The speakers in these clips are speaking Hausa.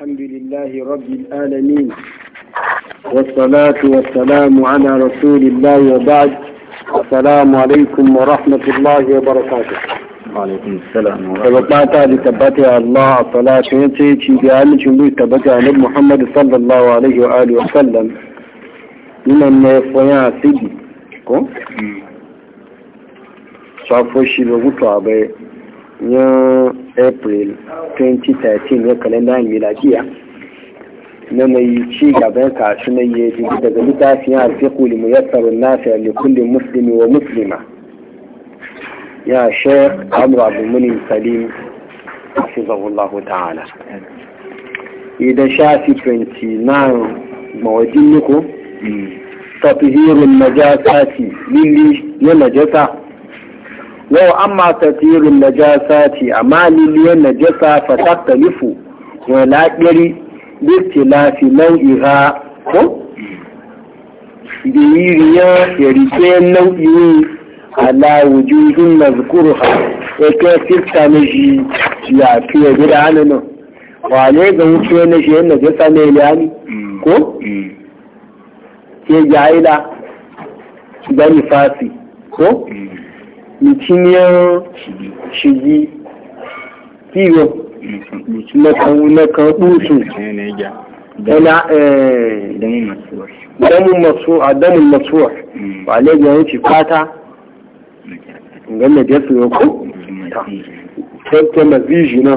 الحمد لله رب العالمين والصلاة والسلام على رسول الله وبعد السلام عليكم ورحمة الله وبركاته وعليكم السلام ورحمة الله أيوة، لتبتع الله الصلاة ينتهي بعلم جمهور تبتع محمد صلى الله عليه وآله وسلم من النفويا سيدي كو شافوشي بغطع بي april 2013 ya kalandar miladiya na mai ci gaban kashi na jiki daga littafin kuli mu ya tsaro nasa da kullum musulmi wa musulma ya shek amur munin salim hafizahullahu ta'ala idan shafi 29 mawajin niko hmm. tafihirun majasati lili na majasa yau amma a najasati amma liliyar najasa fa taktalifu wa lafi nau'i ha? ko biyiriya ya rike nau'i ala zukuru ha ya kai fifta na shi ya fiye gida hannun wane ga wuce na shi yana jasa na ilani ko ke jahila da nifasi ko ìtìyàn ṣìyí kíwọ lẹ́kan ɓúsù damun masuwa ba lẹ́gbẹ̀ẹ́ wuce fata ganin da ya fi ta ta shi na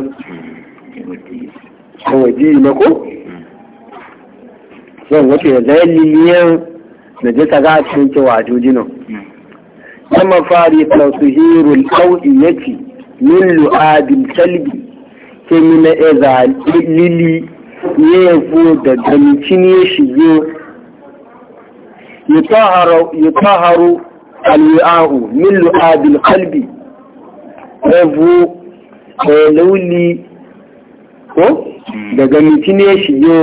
kawai na ko zan wace da zai liliyan da jisa za a cikin a ta mafari tasuhirul qawiyati min lu'abil kalbi ke mina eza lili yefu da damcin ya shige yutaharu alwi'ahu min lu'abil kalbi evu lauli ko daga mutum ya shige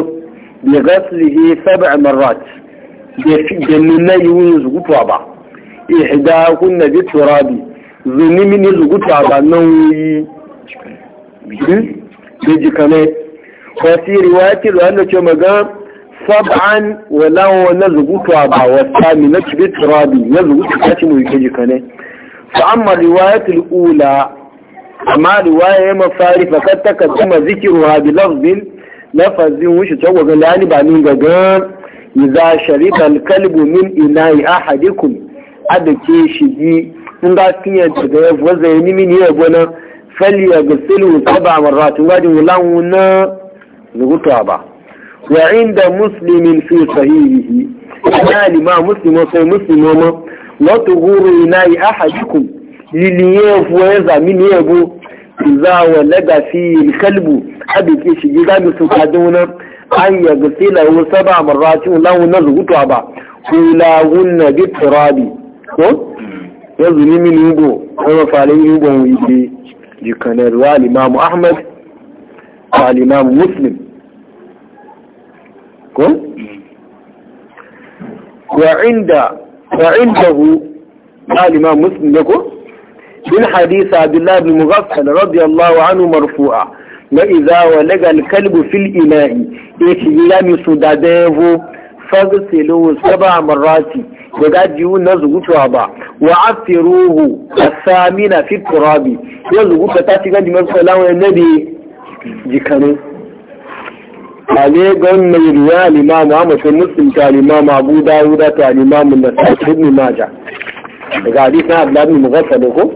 bi gaslihi sab'a marrat da nuna yiwuyin zugutuwa ba إحداهن بالتراب zuni mini zuguta ba nan wuyi da jikane wasu riwayati da wanda ce maga sab'an walawo na zuguta ba wata mi na cibi turabi na zuguta ta ci mai jikane fa amma riwayatul ula amma riwaya ya mafari fakat ta kaddama zikiru ha bi lafzin lafazin wuce ta gwaga lani ba ni gaga idza shariba al-kalbu min ina'i ahadikum adake shi ji, in ga kiyaye daga ya zai ya nimi ne ya gona fali ya gasilu saba marratin gajin wulan na zubuta ba wa inda muslimin su sahihihi ya lima muslimo sai muslimo ma la tuhuru inayi ahadukum liliye fuwa ya yabo za wa laga fi kalbu ke shi ji mi su wuna. an ya gasila wa saba marratin wulan na zubuta ba wuna bi turabi yanzu ni mini ugbo wani mafalin ugbon wuce jikanar wa limamu ahmad wa limamu muslim ko? wa inda hu wa limamu muslim ne ko? min hadisa abdullahi bin mughafal radiyallahu anhu marfu'a na iza wa lagal kalbu fil ina'i ya ci ya mi su da dayan fagsiluhu saba marati da gajiyu na zugutuwa ba wa sami na fi turabi ya zuguta ta cikin jimar salawa na da jikanu ale gon mai riya limamu amsa muslim ta limamu abu dawuda ta limamu na sa'id ibn majah daga hadisin abdullah ibn mughaffal ko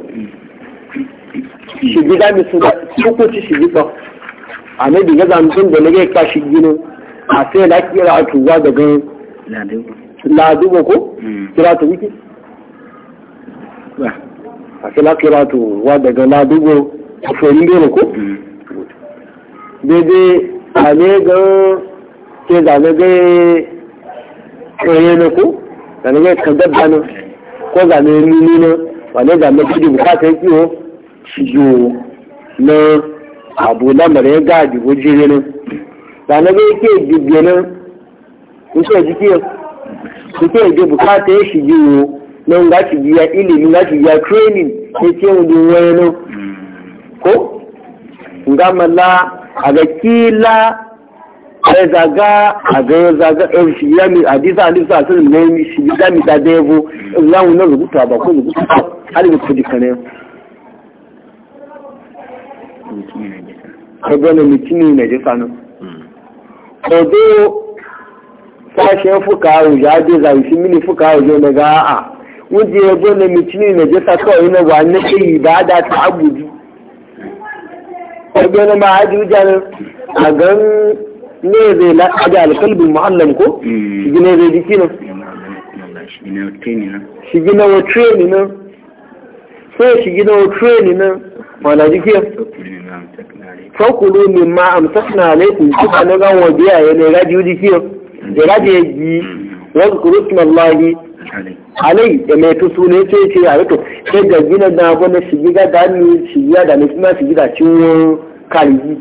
shi gida mi su da su ko ci shi gida anabi ga zan tun da nake kashi gino a sai na kira tuwa daga ladubo ko hmm. kira tu wiki a sai na kira tuwa daga ladubo a forin dole ko daidai hmm. a ne ga ke zane ga eh, kare na ko zane ga zane bai ke jibgenin kusa jike suke je bukata ya shi jiwo nan ga shi biya ilimi ga shi biya training ya ce wani wani ko ga mala a ga kila ai zaga a ga zaga ɗan shi ya mi a disa alisa sun ne shi bi da mi da devo za mu na rubuta ba ko rubuta har mu kudi kane ko gane mutumi ne jisa nan odo sashen fuka ya je zai shi mini fuka ya na ga a wuje ya zo na mitini na je sa kawai na wa na ke yi ba da ta abuji odo na ma haji wujan a gan ne zai la aji alkalbin muhallam ko mm. shi gina zai diki nan shi gina wa treni na sai shi gina wa treni nan wala jiki fakulu ne ma amsakna alaikum kuka na gan wajiya ya ne gaji yuji kiyo ya gaji ya ji wasu kurutun allahi alai da mai tusu ne ce ce a rito sai ga gina da abu na shigiga da ni shigiya da ni kuma shigiga ciwo kaligi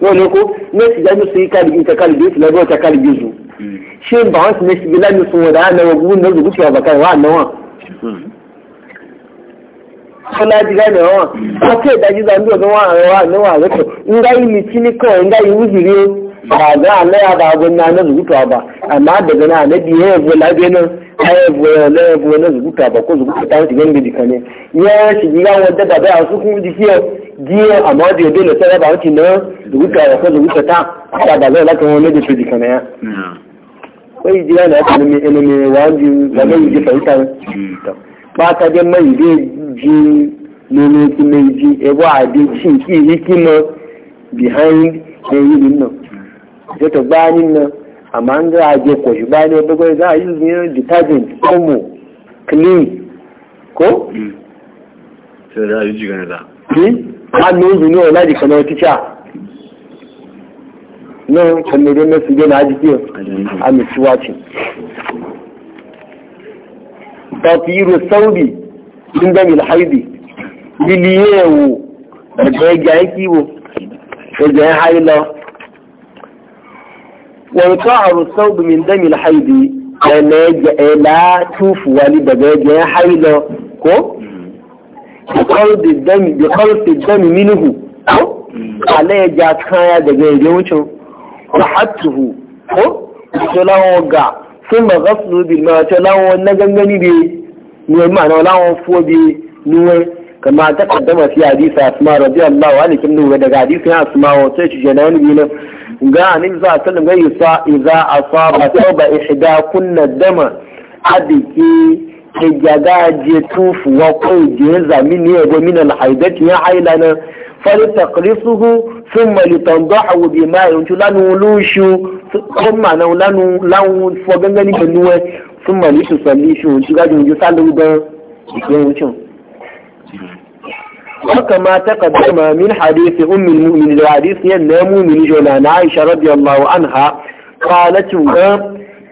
wani ko ne shigiga ni su yi kaligi ta kaligi su lagos ta kaligi su hmm. shi ba wasu ne shigiga ni su wada na wagun da zubuciya bakar wa annawa hmm. kọ́lájì gánà wọn ọkọ ìdájú dáńdú ọdún wọn àrẹ wà níwọ̀n àrẹ́kọ̀ ńgá ìlú tíníkọ̀ ńgá ìwú ìrí o àgbà alẹ́ àbá agbọn náà náà zùkútù àbá àmà àdẹ̀gbẹ̀ náà àlẹ́bí yẹn ẹ̀bùn lábẹ́ náà ayé ẹ̀bùn ẹ̀ ọ̀lẹ́ẹ̀bùn náà zùkútù àbá kó zùkútù táwọn ti gbẹ́ngbẹ̀ dìkan ni yẹn ṣì yíyá wọn dẹ́gbà bẹ́ẹ̀ àsúkún di sí ẹ di àmọ́ ọdún ẹ̀bẹ́ lọ́sẹ̀ rẹ̀ bá wọn ti náà zùkútù àbá kó pátá dé mọ́ ìdí jí lórí ti méjì ẹ̀wọ́ àdé tí kí ìyí ki mọ́ e behind ẹ̀yìn mi nà ni gbá ama àmà ń gbá àjẹ pọ̀ ṣùgbọ́n ní ẹgbẹ́ gbọ́dọ̀ náà yi ní detergent omo clean kó. ṣe ẹ̀dá yìí jìgàn ẹ̀dá. kí a ní ìlú ní ọ̀la ìdìkan تطير الثوب من دم الحيض لليه رجع يكيبه فجاه حي الله وانقعر الثوب من دم الحيض لا يعني إيه، لا توف ولي بجاج يا حي الله كو بقلط الدم بقلط الدم منه على جاء خايا دجاج يوچو وحطه كو قلت له sun ma gasu bil ma ta lawon na gangani bi ne ma na lawon fo bi nuwe kama ta kaddama fi hadisi asma radiyallahu anha kin nuwe daga hadisi asma wa sai ci jana wani bi ne ga anin za ta ga yusa idza asaba tauba ihda kunna dama adiki ke jaga je tufu wa ko je zamini ya go min al فلتقرصه ثم لتنضحه بماء لنولوش ثم لانو لانو فوغنغني ثم لتصليشو تجاجي يصلي ده وكما تقدم من حديث أم المؤمن الحديث ينام من جولان عائشة رضي الله عنها قالت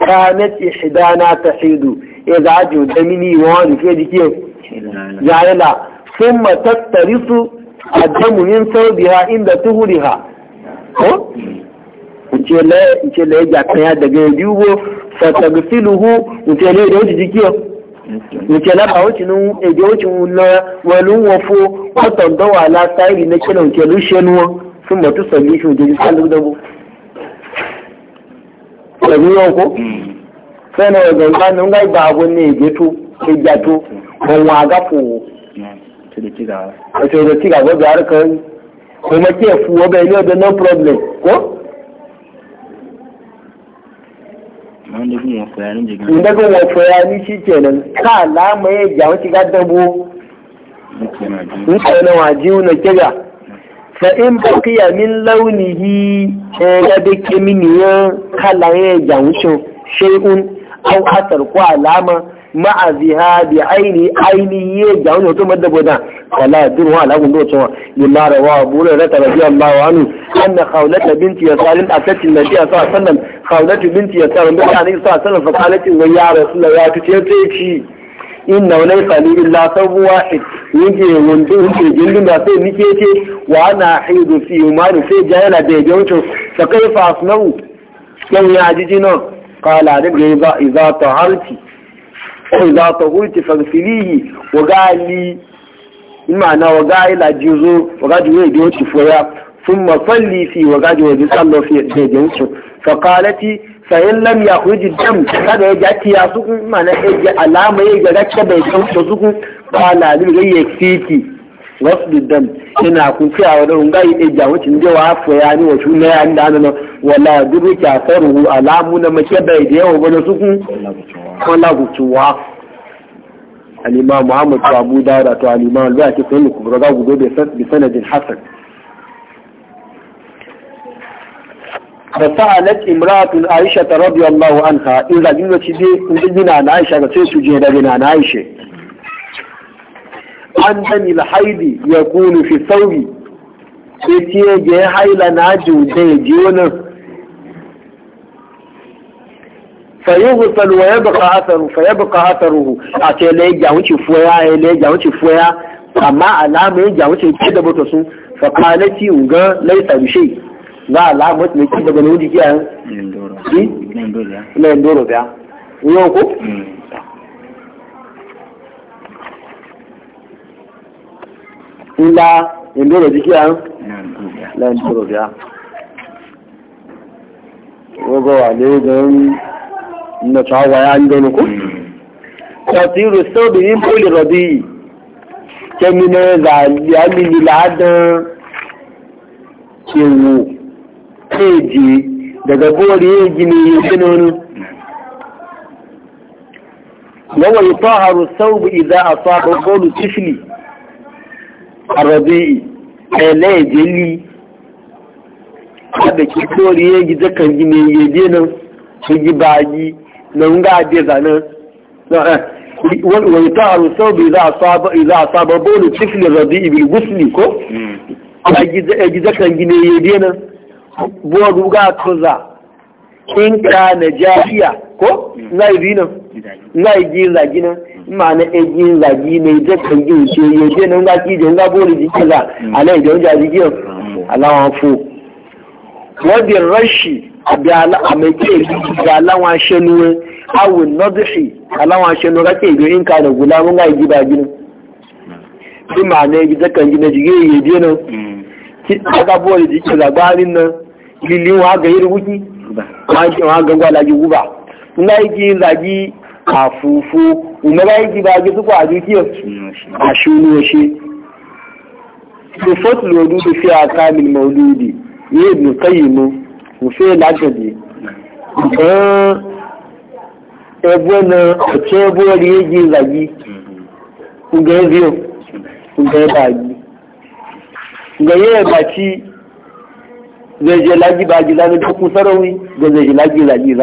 كانت إحدانا تحيد إذا عجو دمني وان في يدك يعني لا ثم تترس الدم من ثوبها عند طهورها ko ce la ya daga ya fatagfiluhu ce la da wuce jikiyo wuce nun wuce na walun wafo kwatan dawa tsari na lushe nuwa sun batu sami shi wuce jikin yau ko sai na wajen ba nun gai ba abu ne ya ya su da kigawa wato da kigawa ga harkar kuma ke fuwa bai ne no problem ko inda bin wato ya ni shi kenan ka alama ya ja wata ga dabo in ka yana wajiyu na kiga fa in baqiya min launihi ga da keminiyan kala ya ja wucin shay'un ma'a zihabi aini aini ye ga wani hoto madda boda wala ya duru ala gun docewa lima rawa abu rarra ta rabi allah wa anu anna khawlata binti ya salim a tattin nabi a sa'a sallam khawlatu binti ya salim da ta nabi sa'a sallam fa kalatin wa ya rasulullah ya tuce ce ci inna laysa li illa sabu wahid yake wanda yake gindin da sai nike ce wa ana hidu fi umani sai jayala da ya wuce fa kaifa asnau yau ya ji jinon qala da ga iza taharti فإذا طهرت فاغسليه وقال لي imana wa ga ila jizo wa ga jizo da wuce foya sun masalli fi wa da ya fakalati sayin lam ya kuji dam kada ya ja tiya imana ya alama ya ga rakka bai san su su kala wasu dam ina kun fi a wani unga yi ɗaya wacin da wa afu ya ni wasu na ya da ana wala duru kya saruhu alamu na make bai da yawa wani su kun kwallo gutuwa alima muhammad to abu dawuda to alima alba ake sanin kubra ga gudu bi sanadin hasan فسألت امرأة عائشة رضي الله عنها إذا جنت بي إن جنا عائشة تسجد بنا عائشة an dami haidi ya kunu fi sauri sai ce ga ya haila na jude ya ji wani fayi husal wa ya baka hasaru fa ya baka hasaru a ce lai ga wuce fuya ya lai ga wuce fuya amma alama ya ga wuce ke da bata sun fa kalaci ga laisa rushe ga alama ne ki daga ne wuji kiyayen lendoro biya yau ńlá ìgbèrò jíkí à ń lẹ́yìn tó rò bíá gbogbo wà ní ogun nnọ̀tọ̀ àwáyá ń dẹnu kú kọ̀tí rò sóbì ní pólì rọ̀bí kẹmínà zàlíà lílì láàdán kèwò kéèjì daga kóòrí èjì ni yìí sínú wọ́wọ́ ìtọ́ àrùsọ́bù ìdá àtọ́ àkọ́kọ́ olùtífìlì arabi a da ke tori ya gi zakan gi ne je nan ki yi baji nan ga je zanan eh, wani ta aru sau bai za a saba za a saba bolu cikin rabi gusli ko hmm. a gi zakan gi ne je nan buwa ga toza in ka na jahiya ko hmm. na yi zina na yi zina ma'ana ejin zagi ne da kan yi wuce ya ce nan ga ki jonga bori jikin za a nan idan ja jikin alawa fo wadda rashi a mai ke ga alawa shenuwe awu nodishi alawa shenuwe ga ke biyu inka da gula mun ga ba ginin bi ma'ana yi da kan gina jige ya je nan ki daga bori jikin labarin nan lilin wa ga yi rubuki ma ga gwala ji guba na yi zagi àfùfú ìmọ́lá ìdí bá gbé púpọ̀ àdúgbò àṣúnú ṣe tó fọ́tù lòdú tó fi àká mímọ̀ olóòdì ní èdè kẹ́yìn mú òfin lágbẹ̀dẹ̀ gan ẹgbẹ́ na ọ̀tẹ́ ẹgbẹ́ rí èjì ìzàgí ǹgẹ́ ríò ǹgẹ́ bàgí ǹgẹ́ ẹ̀bà tí zẹ̀jẹ̀ lágbàgí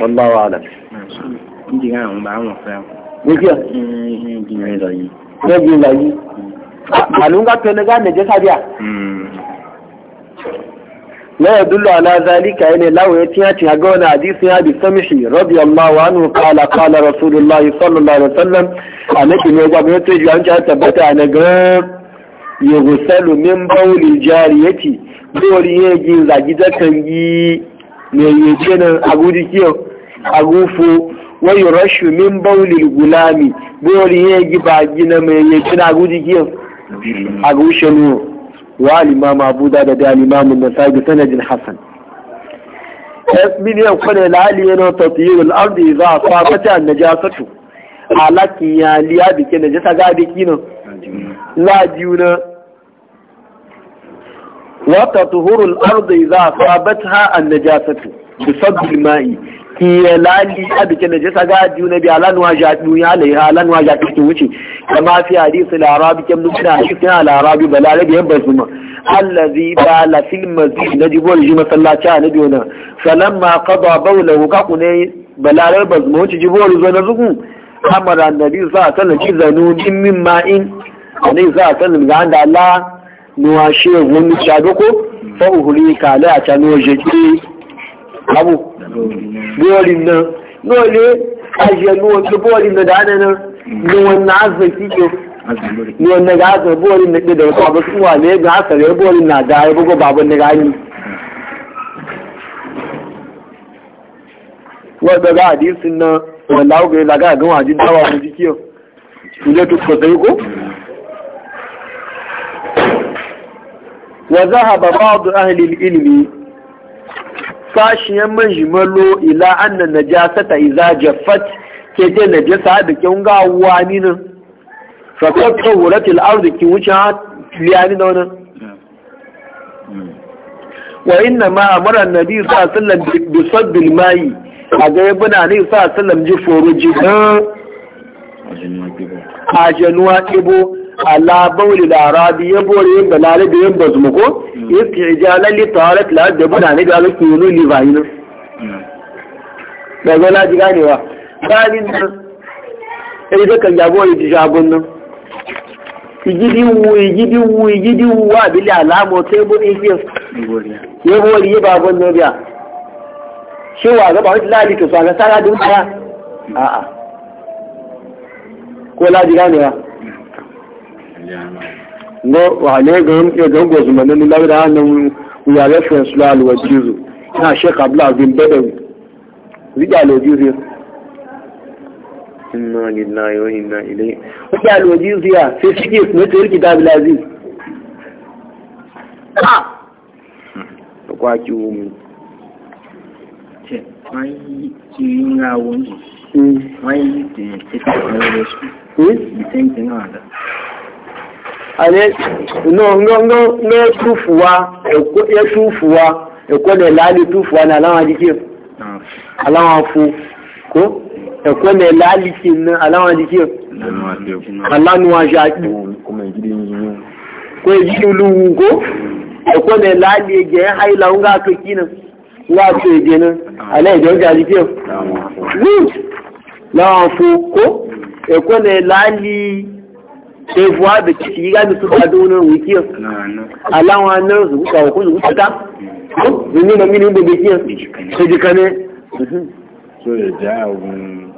Wallahu a'lam. Nígbà àwọn bá wọn fẹ́. Nígbà? Nígbà ìlọ yìí. Nígbà ìlọ yìí. Àlùngá tó lẹ́gá nẹ̀jẹ́ sábíà. لا يدل على ذلك إن لو يتياتي هقونا حديث أبي سمشي رضي الله عنه قال قال رسول الله صلى الله عليه وسلم أنك نجاب يتجي أنك أتبت أنا قام يغسل من بول الجارية بول يجي زاجدة كنجي mai yake nan a gudi a gufo wai rashu min baulil gulami bori ya yi ba na mai yake na gudi kiyo a gushe wa al abu da da al da an sanadin hasan tasbiyan kwane lali yana tafiyar ardi za a fafata najasatu alaki ya liya bike najasa ga biki nan lajiyu na wata tuhurul arzai za ha an jasatu bi sabbil ma'i ki lali da najasa ga biyu na biya lanuwa ja dunya ya lanuwa ja take wuce kama fi hadisi larabi kyan kam a cikin al ba balare da yabba suma allazi bala fil na najibu al-jima sallaci annabi wana falamma qada bawlahu ka kunai balare bazmu wuce jibor zo na zuku amara annabi sa sallan ki zanu min ma'in annabi sa sallan ga Allah nuwa ṣe wọn ní ṣàdókó fọ́ òhùrí ìkàlẹ̀ àtàlù ọjẹ́ tí àbò bọ́ọ̀lì náà náà lé àjẹ̀nú ọjọ́ bọ́ọ̀lì náà dáadáa náà ni wọn náà zẹ̀ kíkọ ni wọn náà zẹ̀ bọ́ọ̀lì náà gbẹ̀dẹ̀ ọ̀tọ̀ àbọ̀ fún wa ní ẹgbẹ̀ àṣẹ̀rẹ̀ bọ́ọ̀lì náà dáa ẹgbẹ́gbẹ́ bàbá wa zahaba ba'd ahli al-ilmi sashiyan man jimalo ila anna najasata idza jaffat ke je najasa da kin ga wani nan fa tatawurat al-ardi ki wuce liyani da wannan wa inna ma amara an-nabi sallallahu alaihi wasallam bi sadd al-ma'i a ga yabuna ne sallallahu alaihi wasallam ji foro ji a januwa ibo ala bauli arabi ya bori yin lalai da yin bazumu ko yake ijalan li tawarat la da bana ne da alku yulu li vayinu da zola ji ganewa galin nan sai da kan yabo ji jabun nan igidi wu igidi wu igidi wu wa bi alamo sai bu ne ke ya bori ya babon nan biya shi wa ga ba wani lali to sa ga sara dun a'a ko la ji ganewa ngo wahane ganin iya gan gwazu manan lawai da hannun wuya reference la alwajizu na shek abla bin badawi riga alwajizu inna lillahi wa inna ilaihi wuya alwajizu ya sai ale no no no no tufuwa eko ya tufuwa eko ne lali tufuwa na alama dike alama fu ko eko ne lali kin alama dike alanu wa jaki ko ji lu ko eko ne lali ge haila nga to kinan nga to je nan ale je ga dike good lawa fu ko eko ne lali sai fuwa da kici ya bi su ba donar wikiyar alawa nan su gusa wa kuzu gusa ta zuni na mini da wikiyar su jika ne so ya ja ogun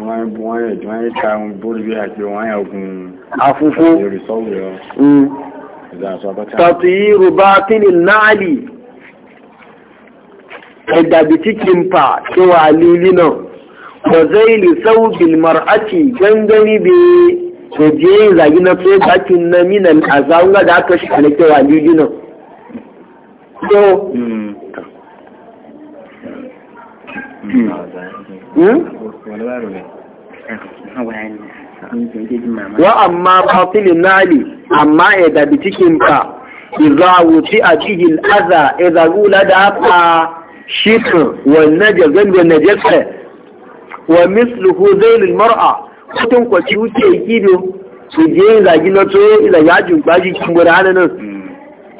wọ́n yẹ ká bóríbí àti wọ́n yẹ ogun afúfú tàtíyírù bá tílì náàlì ẹ̀dàbí cikin pa tí wà lílì náà wà zai lè sáwù bilmar ake gangani to je zagi na tsaye bakin na minan a zaunga da aka shi alake wa jijina so hmm? wa amma batilin nali amma ya dabi ka, iza wuce a cikin aza iza gula da haka shikin wannan jagen da na jefe, wa misluhu zailin mar'a kotun kwaci wuce ikido su je zagi na tso ila yajin gbaji cikin gudu hana nan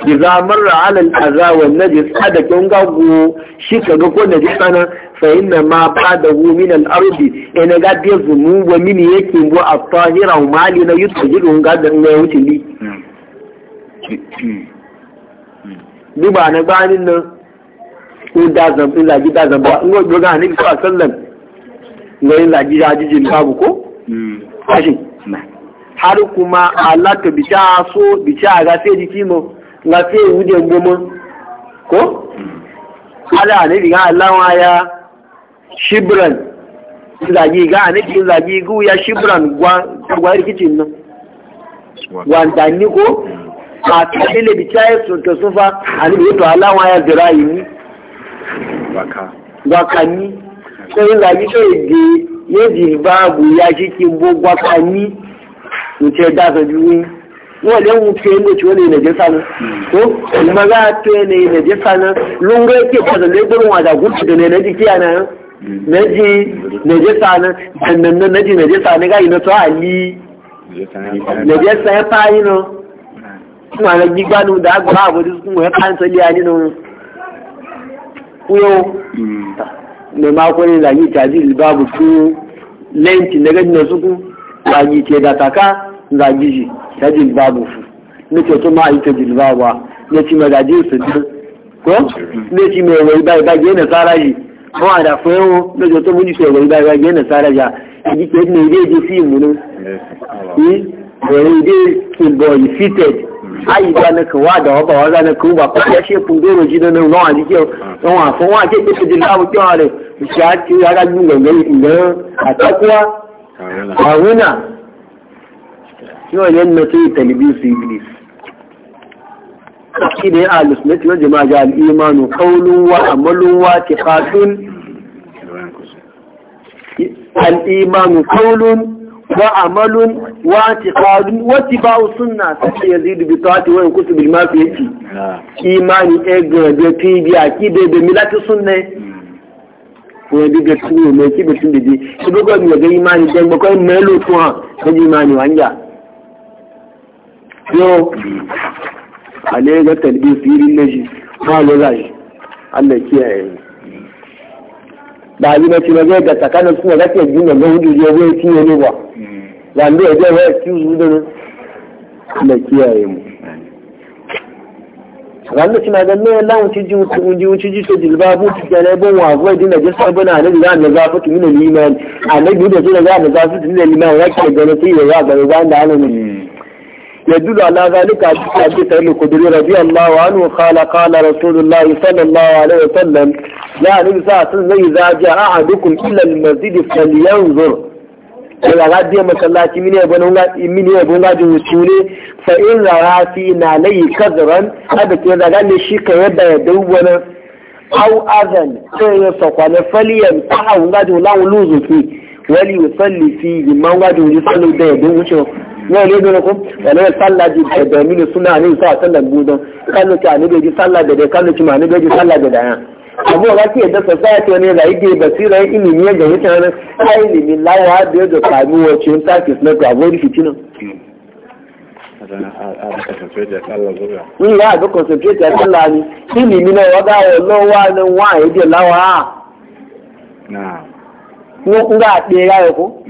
da zamar ra'alar kaza wanne da tsada kyan gago shi ka ga ko na ji tsana. fahim na ma ba da hu min ya na ga biya zumu wa mini yake bu a fahira mali na yuta jirgin gadon na wuce ni duba na gbanin nan ko da zambi zagi da zamba in ga ga ko a sallan ga yin zagi da jijin babu ko kashin har kuma alaka bica so bica ga sai jiki mo ga sai wude goma ko ala ne diga Allah wa ya shibran zagi ga ne ki zagi gu ya shibran gwa gwa rikicin nan wanda ni ko a tsile bica ya e so to sufa ani bi to Allah wa ya zirai ni baka baka ni ko zagi sai e ge yéèdì báàbù ya kíkí gbogbo apá ní ìtẹ́ dáṣọ ju wí wọ́n lè ń pe ní ìtìwọ́n ní ìnàjẹ́ sánú tó ìmọ̀gá pe ní ìnàjẹ́ sánú ló ń rẹ́ kí ìpàdé lẹ́gbẹ̀rún àdàgún ti dẹ̀nà ẹ̀nẹ́jì kí àná nẹ́jì ìnàjẹ́ sánú dẹ̀nà nẹ́jì ìnàjẹ́ sánú gáyì náà tó àlí ìnàjẹ́ sánú páyì náà fún àwọn gbígbá ní ìdàgbà àbójú fún ẹ̀ká ń tọ́lé mai makonin zagi tajil babu su lenti na gani na suku zagi ke ga taka zagi shi tajil babu su na ce tuma a yi tajil babu na ci mai zagi su jir ko na ci mai wai bai bai gina tsara shi ko a da fayo na ce tuma bai bai gina tsara shi a ji ke ne zai ji fi mu ne wani dai in boy fitted ayi ba na kan wa da wa ba wa za na kan ba ko ya she fun doro ji na nan wa ji ke nan wa fun wa ke ke ji lawo ke wa le shi a ti ya ga gun gangan idan a takwa a wuna yau ne na iblis shi ne a lusunnati wal jama'a ga al-imanu qawlun wa amalun wa tiqatun al-imanu qawlun وعمل واعتقاد واتباع السنة يزيد بطاعته وينقص بما فيه إيمان إجر بيتي بيأكيد بملة السنة wọ́n bí tún ìmọ̀ tí bẹ̀ tún dìde tí gbogbo ẹ̀mí ọ̀gẹ́ ìmáni jẹ́ gbogbo ẹ̀mí ẹ̀lò tún hàn lójú ìmáni wà ń yà yóò alẹ́ ẹgbẹ́ tẹ̀lé sí rí lẹ́yìn fún àlọ́rà yìí alẹ́ kí ẹ̀ ẹ̀ bàbí mẹ́tìmẹ́gbẹ́ gàtàkánà fún ọ̀gá tẹ̀gbìn ọ̀gá òjòjì ọgbẹ́ tí ó lè wà wanda ya zai waya kiwu da na kiyaye mu wanda suna ga mai lawon ciji wuci wuci ji so jilba bu ci ga ne bon wago din da jisa bana ne da na zafa tu min liman annabi da su da za na zafa tu min liman ya ke ga ne sai ya ga ga da يدل على ذلك حديث أبي الخدري رضي الله عنه قال قال رسول الله صلى الله عليه وسلم لا نبي صلى الله عليه وسلم إذا جاء أحدكم إلى المسجد فلينظر daga radiyar masallaci mini ya bunga jin wuce ne fa in fi na layi kazaran haɗa ke zaga ne shi ka yadda ya dau wani au azan sai ya na faliyan ta hau ga jin lawon luzuki wali yusalli fi ma ga jin sallu da ya dau wuce ne ne don ko wala ya salla ji da da mini suna ne sa sallan budan kallo ta ne bai ji salla da da kallo ci ma ne bai ji salla da da abu ga ke da society ne da yake basira ya ilimi ya gani ta ilimi lawa da da kami wace na ga wani dị ni ya ga concentrate ya ni ilimi na waga wallowa wa lawa na ko ga de ya ko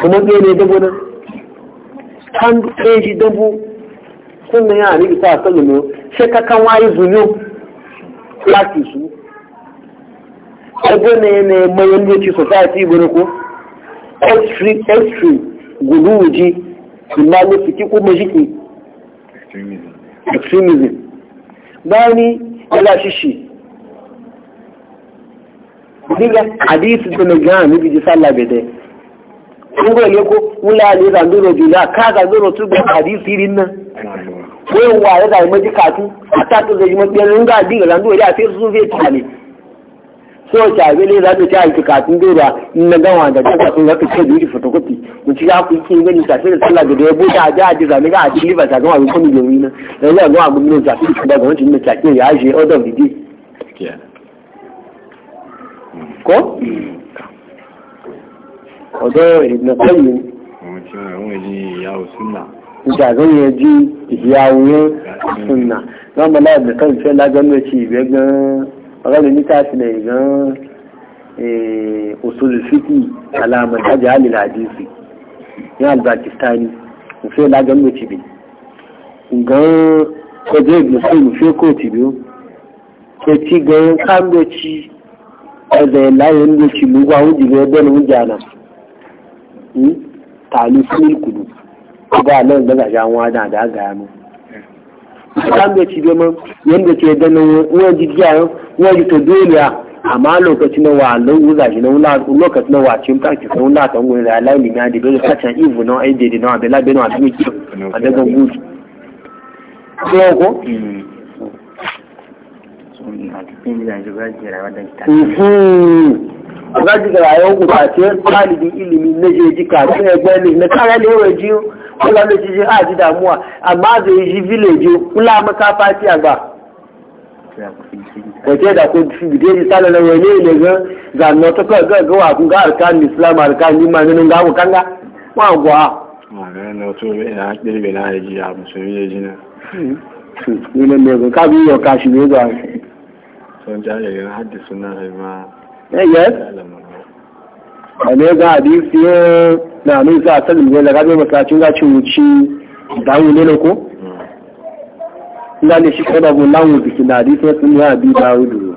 kuma ne nan kan kun ya ta sanu sai ka kan wayi practice su ƙarfi ne ne mayan doki society bane ko extreme extreme gudu wuji kuma extremism bani ala shishi diga hadisi da na gana ni biji sallah bai dai kun ga leko wula ne zanduro jula ka zanduro tu ga hadisi wai wa ya zai maji kafin a takin zai yi mafiyar runga dinga zanzu ya fi su zai tale so ta bi ne za ta ta yi kafin dai da in na gama da ta sun zaka ce biyu fotokopi mun ci ya ku ki gani ta sai sallah da ya buta da ji zani ga a cikin liba ta gama mun kuma yomi na dan ya gama mun ne ta ci da gama cin ta ke ya je order of the day ko ọdọ ìdìnnà kọyìn. àwọn tí wọn ń wẹ̀lì ìyá òsùn náà da zan yi ji yawuye sunna zan bala da kan ce lagan da ci bai gan maganin ni tashi ne gan usul fiki alamar hajji ya albakistani mufe lagan da ci bai gan kwaje ibn sai mufe ko ci biyu ke ci wa oúnjẹ ẹgbẹ́ ló ń jà náà hmm? ba nan da gasha wada da ga mu kan da ci da mu yanda ke da nan uwa jijiya yau uwa ji ta duniya amma lokacin da wa nan uza shi nan lokacin da wa cin ta ki sun la tan gurin da laili na da dole ka can ivu na ai dede na da la be na da miki a daga gudu ko ko Mhm gaji da rayuwar gubaciyar talibin ilimi na jeji kafin ya gani na kare ne wa jiyo kula na jiji a ji damuwa amma zai yi ji village kula maka fati a ba wace da ko fi da yi sana na wani ne ga zanna ta kawai ga gawa kun ga arkan islam arkan yi ma ganin gawo kanga wa gwa ma ga na to be na kirbe a musulmi yaji na ni ne ne ka bi yo Eh, yes a ga hadisi na nan za a sanin ne daga mai masacin za ci wuci dawo ne na ko ina shi kada bu lawo biki na hadisi wasu ne abi dawo duro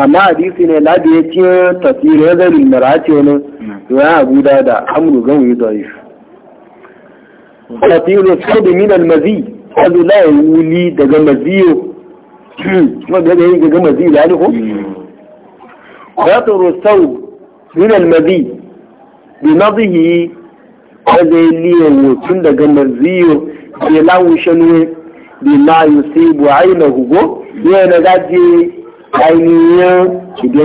amma hadisi ne labi ya ce tasirin zai limara ce wani ya abu da da amuru gan wuyi da yi tasirin sai da minal mazi kazu la ya wuli daga maziyo wanda ya yi gaga mazi da alihu kwatar sau minal mazi bi mazihi wanda zai liya wotun daga maziyo ya lawushe ne bi ma yusibu aina hugo na gaje ainihin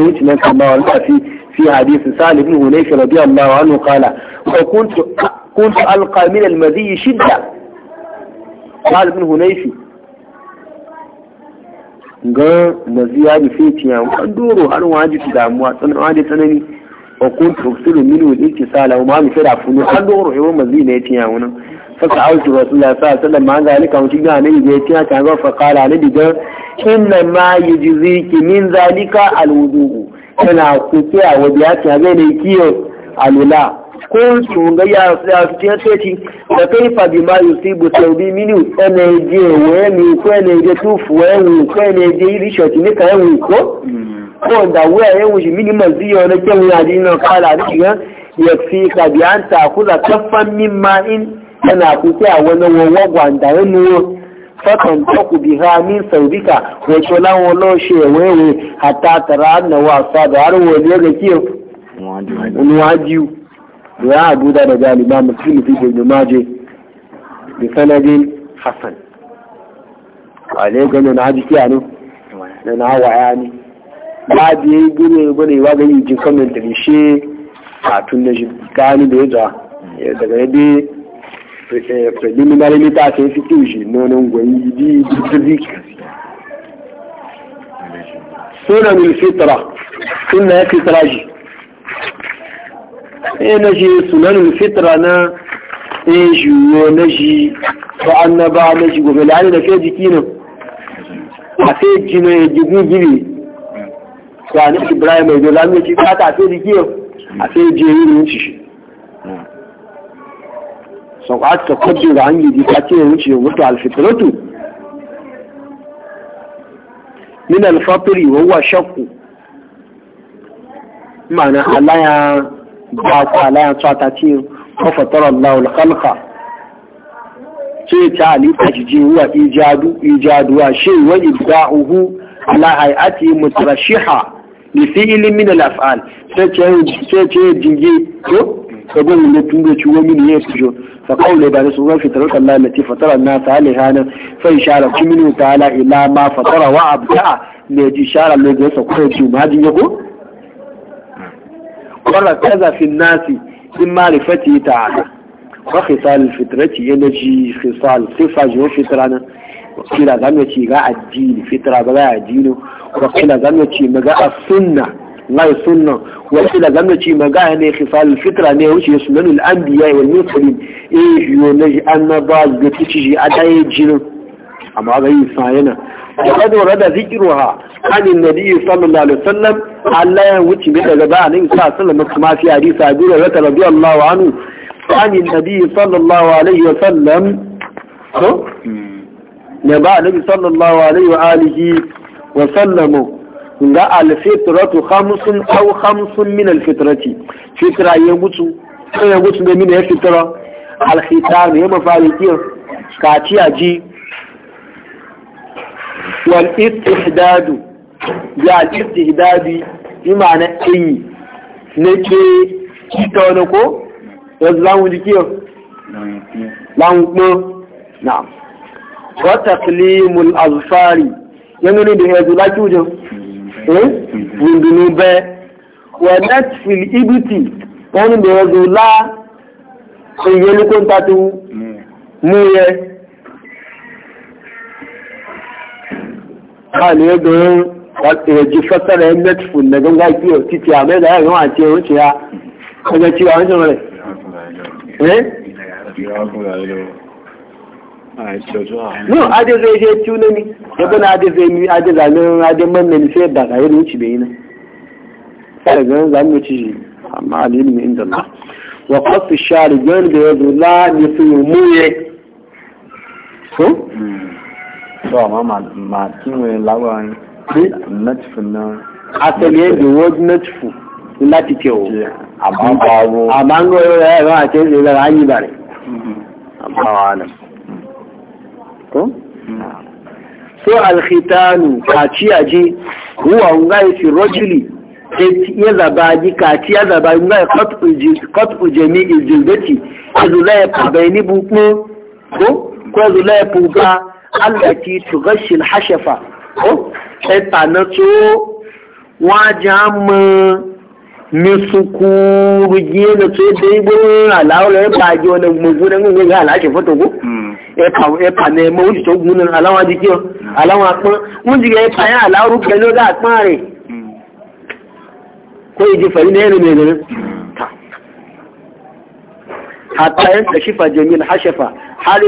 wuce na kama wani tafi في حديث سالم بن هنيف رضي الله عنه قال وكنت كنت ألقى من المذي شدة قال بن هنيف ga maziya da fi ciya wa doro har waje su damuwa waje tsanani wa kun tufsiru min wa sala wa ma mi fira funu har doro yawan mazi ne ciya nan fa sa'altu rasulullahi sallallahu alaihi wasallam ma alika mun ga nan da ciya kan ga fa qala ne diga inna ma yujziki min zalika alwudu kana ku a wa biya ciya ga ne kiyo alula kuntu ga ya ya fiye teci da kai fa bi ma yusibu tawbi minu ene je we mi ko ene je iri ni ka wu ko ko da we e wu shi yo na ke wu adi na kala ni ya fi ka bi an ta ku da min ma in ku ke a wani wawa gwanda ya ha min saudika wato lan wolo she hatta tara sa ya abu da daga al'imam muslim fi ibn maje bi sanadin hasan ale ganin na haji kiyanu da na hawa ya ne ba da ya yi gune bane wa gani jin kamen da rishe a tun da shi gani da ya za daga yadda preliminary mita ta yi fito shi nonon gwani di dik sunan fitra sunna fitra shi Eh, na shi sunanin fitra na ɗaya eh, shiwo na shi to annaba na shi gobe la'ani da fe jiki nan a fe jina ya jigu gini ba na ibrahim mai dola ne ci ta a fe jiki yau a fe je yi ne wuce shi sau a ta kwaje da hangi ji ta ce wuce mutu alfitratu min alfatiri wa shakku ma'ana Allah ba ta layan tsata ce kafatar Allah al-khalqa ce ta alita shi ji wa ijadu ijadu wa shi wa ibda'uhu ala hayati mutarashiha li fi'li min al-af'al sai ce ce jingi ko kaga mun da tungo ci wani ne ya fito fa qawla ba rasul Allah fitrat Allah lati fatara an-nas alaiha nan fa ishara kuminu ta'ala ila ma fatara wa abda'a ne ji ishara lokacin sa ko ji ma jin ko كذا في الناس إما لفتي تعالى وخصال الفترة ينجي خصال صفة جو فترانا وقيل زمتي غا الدين فترة بلا الدين وقيل زمتي مغا السنة لا السنة وقيل زمتي مغا هني يعني خصال الفترة نيوش يعني سنن الأنبياء والمرسلين إيه أن بعض بتشجي أداي جنو أما هذا يسعينا وقد ورد ذكرها عن النبي صلى الله عليه وسلم Allah ya wuce bai daga ba annabi sallallahu alaihi wasallam kuma fi hadisi Abu Hurairah radiyallahu anhu عن النبي صلى الله عليه وسلم نبع النبي صلى الله عليه وآله وسلم ga alfitratu khamsun aw khamsun min alfitrati fitra ya mutu ko ya mutu da mina ya fitra alkhitar ya mafariki ka ci aji wal istihdadu ya al'irti hidabi yi ma'ana ɗanyi na ke kita wani ko yanzu lamun jikiyar lamun ɗo na wata filimul azfari yanzu ne da yanzu laki wujen eh wundunu bai wa netfil ibiti wani da yanzu la sun yi lukun tatu mu ye ka ne doyin Eh, ji fassara ya netfun na ganga kiyo titi a mai da a ce wuce a wancan rai no ade zai je tunani ya bana ade zai mi ade zanen ade manna ni sai da kayan wuce bai na sai asali yadda word natfu láti tẹ̀ o àmà ń gbọ́ yóò ẹ̀rọ àti ẹ̀rọ lára ayé bàrẹ̀ mm-hmm. mm-hmm. so alkhitanu kaciya je huwa ngai fi rajuli ya zabaji kaciya zabaji ngai qat'u jami'i jildati azula ya baini buku ko ko azula ya fuga allati tughashil hashafa ẹ̀tà náà tó wọ́n á já mọ́ mi sukuru jiye na tó dé gbé aláwọ̀lẹ̀ bàjẹ́ ọ̀nà gbogbo náà aláṣẹ fọ́tò kó ẹ̀pà náà mọ́ oúnjẹ tó gún náà aláwọ̀ adìjẹ́ aláwọ̀ apọ́n ne jamil hashafa hari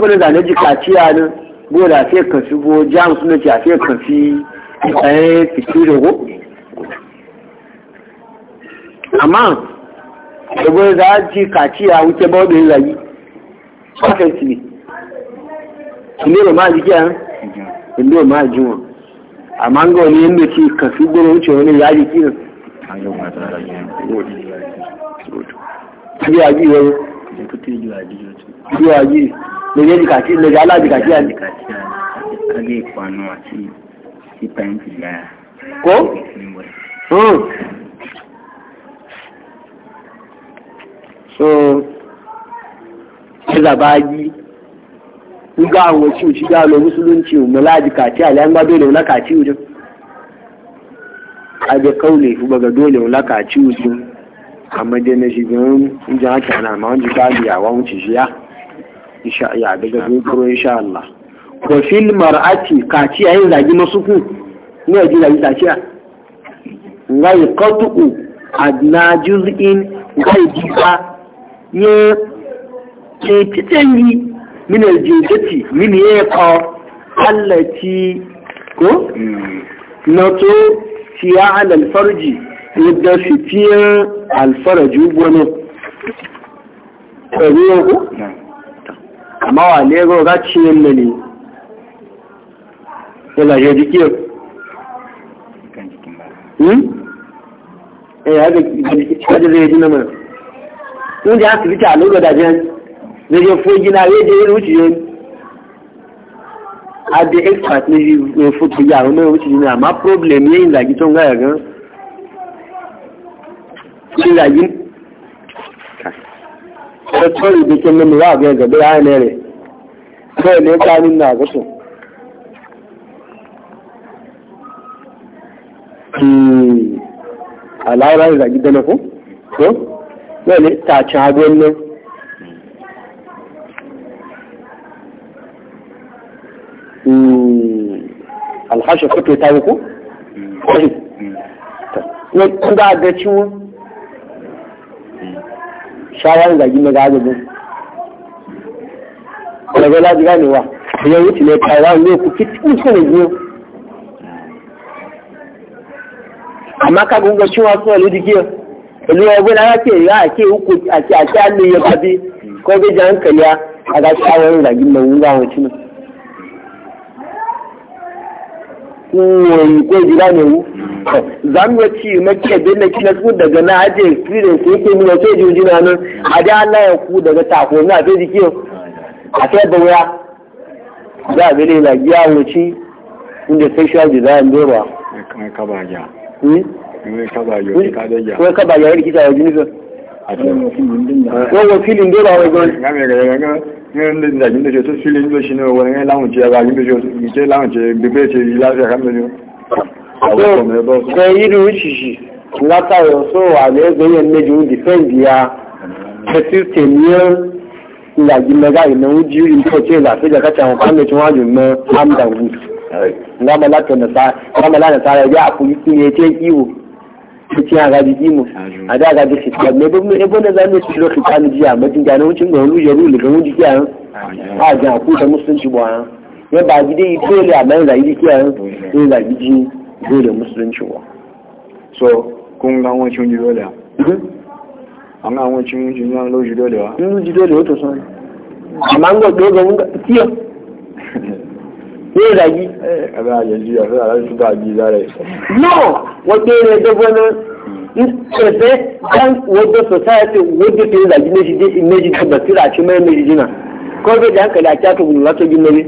wani zane ji kaciya nan go da sai ka shigo jam suna ce a sai ka fi eh fiti da go amma da go za ji kaciya wuce ba wani zagi sakan ci ne ba ma ji kiyan ne ma ji wa amma ga wani yanda ce ka fi goro wuce wani lóye jìkàtí lóye alájìkàtí àti. kálí ìpanu àti síta ń ti yára. kó hmm. so ẹ̀dà bá yí nígbà àwọn tí òṣìṣẹ́ àlọ́ mùsùlùmí òmò láti kàtí àlẹ́ ń gbádùn ìlẹ̀wọ̀n lákàtí òjò ajẹ́kọ́ọ̀lẹ̀ ìfúgbàgbàdo ìlẹ̀wọ̀n lákàtí òjò àmọ́dé ní ṣùgbọ́n ń jẹ́ àkàrà àmọ́ ń jù bá lè àwọn òṣìṣẹ́ isha ya daga dogoro insha Allah ko fil mar'ati kaciya yin zagi masuku ne ji zagi kaciya ngai qatu adna juz'in ngai jifa ye ke titengi min aljinjati min ye ko allati ko hmm. nato tiya ala alfarji yadda fitiyan alfaraju gwanin ɗari yanku hmm. amma wa lego ga ciyen da ne ya lashe jiki hmm? eh ya ga a lura da jan zai je fogina ya je yin wuce yin a da expert ne ya fito ya gan zagi tattori bikin mini za a ga gaba ya ne ne kawai ne kanin na gasu a laura ya zagi ko ko ne ta ci hagon nan alhashi kuto ta yi ko? Kun ga ga shawarar zagi na gajibin daga laji ganewa ya wuce ne kawo ne ku kitin su ne biyu amma ka gunga cewa su wani dike wani ya gwada ya ce ya ake uku ake ake allu ya babi ko bai kowane ko jira ne wu za mu ci maki kina su daga na aje experience yake nuna sai jujjina nan a da Allah ya ku daga tako na a sai bawaya za a bele na giya wuci inda sexual design dora kuma ka ba ya kuma hmm? ka ba ya wọ́n wọ fílì ń dóra ọgbọ́n ẹ̀yìnrú ìṣìṣì látàrí ọ̀sọ́ àlẹ́ ẹgbẹ̀yẹn méjì ń dìfẹ́ǹdì ya pẹ̀sí tèmíẹ́ ìlàjì mẹ́gá ìnáwó jí ìjọ́ tí ìlàfíjà káàkiri àwọn kan mẹ́tí wọ́n jù mọ́ amdawood lámọ́lá tọ̀nà sára ẹgbẹ́ àpòyí cikin agaji imo a da agaji fitar mai babu mai ebola za mu cilo fitar mu jiya mutum gane wucin ga wani jaru daga wani jikiya yan a jan ku da musulunci ba yan ya ba gide yi dole a bayan zagi jikiya yan zai zagi ji dole musulunci ba so kun ga wancin ji dole an ga wancin wucin yan loji dole ba in loji dole wato son amma ga dogon tiyo sai zagi no wata ne da wani ƙarfe kan wadda society wadda ta yi zagi na shi da basira ce mai na jina ko bai da hankali a kyata gudu za ta yi mare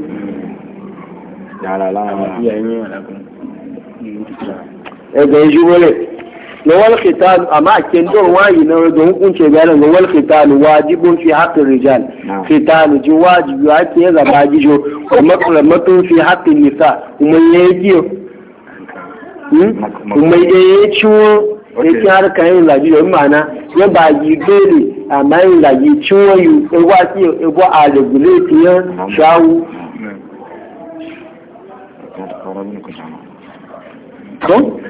ya ga yi shi wale wal khitan amma ken don wayi na da hukunce ga nan wal khitan wajibun fi haqqi rijal khitan ji wajibi ake zaba gijo kuma karamatu fi haqqi nisa kuma yayi hmm? kuma yayi ciwo yake har kan yin lagi yau mana ya ba yi dole amma yin lagi ciwo yi ewa ti ewa a regulate yan shawu Don?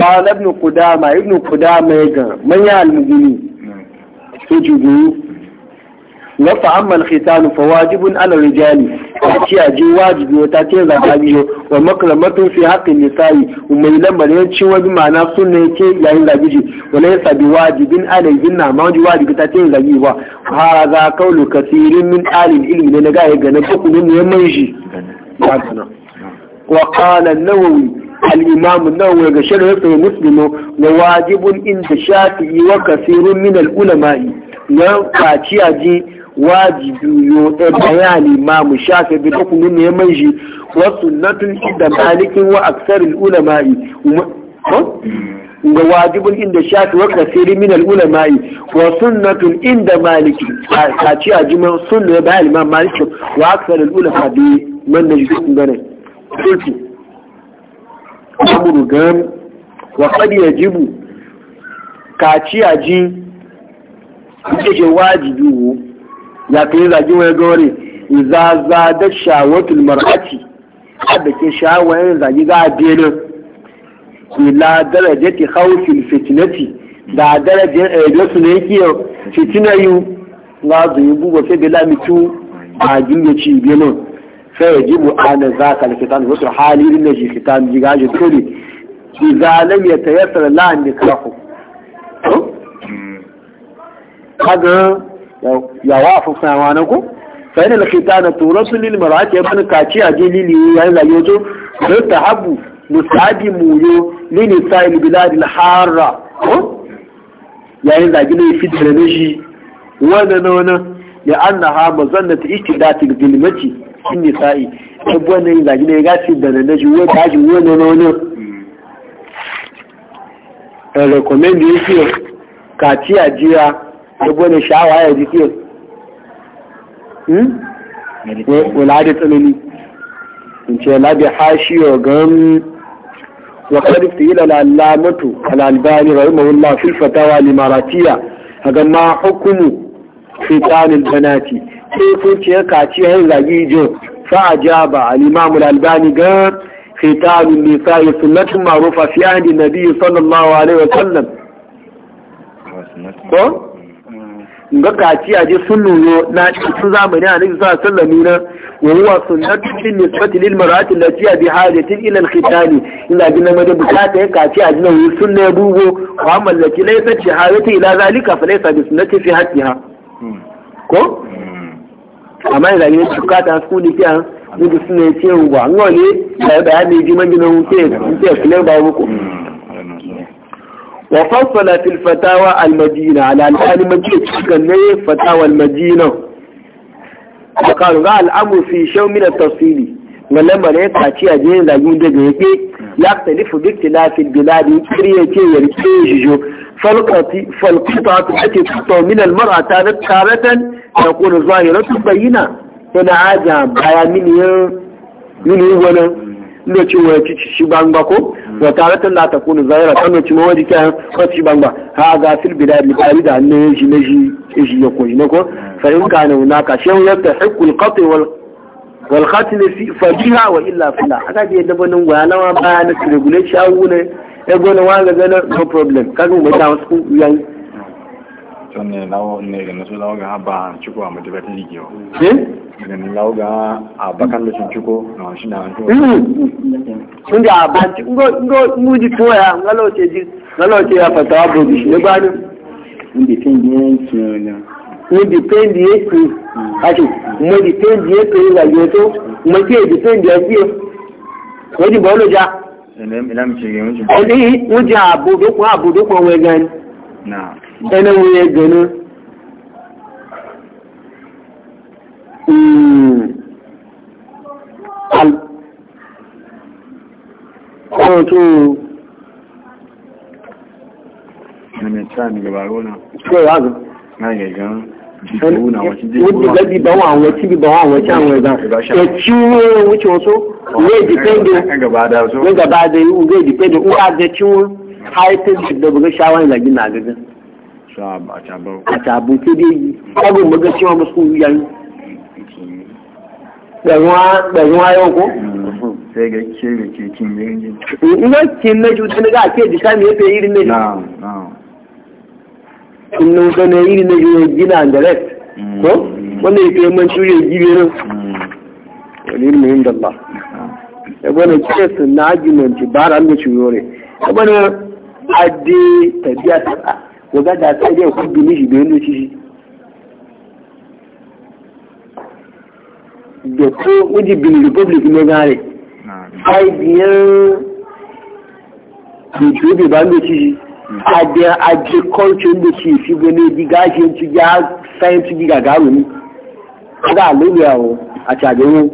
قال ابن قدامة ابن قدامة يقول من يعلمني سجدوا وفأما الختان فواجب على الرجال وتياجي واجب وتاتي زبابيه ومكرمة في حق النساء وميلما ليتشي وبمعنى سنة يهين زبيجي وليس بواجب عليهن ما هو واجب تاتي زبيبا وهذا قول كثير من آل العلم لنقاه جنبك من يمنجي وقال النووي الإمام النووي ya مسلم وواجب عند الشافعي وكثير من العلماء نقاشي أجي واجب بيان الإمام الشافعي بحكم من يمنجي وسنة عند مالك وأكثر العلماء ga wajibin inda shafi wa kasiri min al-ulama'i wa sunnatun inda maliki a ci a jima sunna ya bayan imam maliki wa aksar al-ulama bi man najdu kun gane kulki amuru gan wa qad yajibu ka ci aji ke je wajibi wo ya kai da ji wani gore idza zada shawatul mar'ati hada ke shawayen zagi ga dena ila darajati khawfil fitnati da darajar eh, yu ga zuyi bugo mitu a jinga ci فيجب أن ذاك الختان يسر حالي لنجي ختان جيجاج كري إذا لم يتيسر لا أن يكرهه قد يوافق سامانكم فإن الختان تورث للمرأة يبنى كاتشي أجيلي لي يعني لا يوجد تحب مستعد مويو لنساء البلاد الحارة يعني لا في لنجي وانا وانا ya annaha mazannatu iktidati bil mace in nisa'i abu wannan zagi ne ga ci da na ya wo da ji wo no na. no e recommend ya ce ka ci ajiya. abu ne shawa ya ji ki hmm wala da tsanani in ce labi hashiyo gan وقد افتئل العلامة الألباني رحمه الله في الفتاوى الإماراتية هذا ما hukumu. fitan al banati sai kun ce ci yin zagi jo fa ajaba al-imam al-albani ga fitan al nisa'i sunnatun ma'rufa fi ahdi nabi sallallahu alaihi wa sallam ko ga ka ci aje sun nuno na cikin zamani a nabi sallallahu alaihi wasallam na wa huwa fi nisbati lil mar'ati allati bi hajatin ila al khitan ila bin na da bukata ya kaciya jin na sunna ya bugo wa mallaki laysa shahadatu ila zalika fa laysa bi sunnati fi haqqiha ko amma da ne tuka ta su ne kiyan duk suna ya ce wa an ne? da ya bayani ji man gina hunke ya kule ba ko wa fasala fil fatawa al madina ala al madina cikin ne fatawa al madina وقالوا قال الامر fi شيء من tafsili ga lamarin ta ce a jiyan zagi daga yake ya talifu duk tilafin biladi kiryace ya rike jijo falkuta ta ake kusa min almara tare taratan da kuna zahira tun bayyana yana aja baya miniyan wani inda ci wa ci shi bangba ko wa taratan la takunu zahira kan ci ma waje kan ko ci bangba ha ga fil biladi bari da ne shi ne shi shi ya ko ne ko fa in kana hunaka shay'un yastahiqu al-qatl wal wal khatl fa biha wa illa fala aka je da banin wa nawa ba na regulate shawu ne e gona wa ga gana no problem kaga mu ta wasu yan tonne lawo ne ga nasu lawo ga ba ciko amma da batin ligiyo eh ga ni lawo ga a bakan da ciko na shi na an to hmm. sun da ba ngo ngo muji toya ngalo ce ji ngalo ce ya fatawa bo shi ne ba ni inda tin yankin ne mo dìpẹ́ndì èkó àti mo dìpẹ́ndì èkó ìgbàgbé tó mo tí è e dìpẹ́ndì ẹbí e o mo dì bọ́ lójà. ẹni wọ́n jẹ́ àbòdókun àbòdókun ọmọ ẹgbẹ́ ni ẹni wọ́n yẹ gẹ̀ẹ́nu. Àwọn tó Ẹni mẹ́ta ni gbogbo àrọ́nà. Ṣé ìwádìí? Náà yẹ̀ gan-an wadda gabi ba wa awon ci ba wa awon ci awon ba ya ci wurin wuce wasu uwe dipende na gaba da yi uwe dipende uwa da ci wurin haifin da buga shawarar zagi na gagin a in na wuka na iri na yi gina direct hmm. ko wanda ya kai manci ya gibe nan hmm. wani ilmi yin da ba hmm. ya bane kira su na ajimanci ba ran da ciwo ne republic ne gane ai biyan da aje kwancin da ke fi gane bi gashin ci ya sayan ci ga garumi ga alubu yawo a cagayen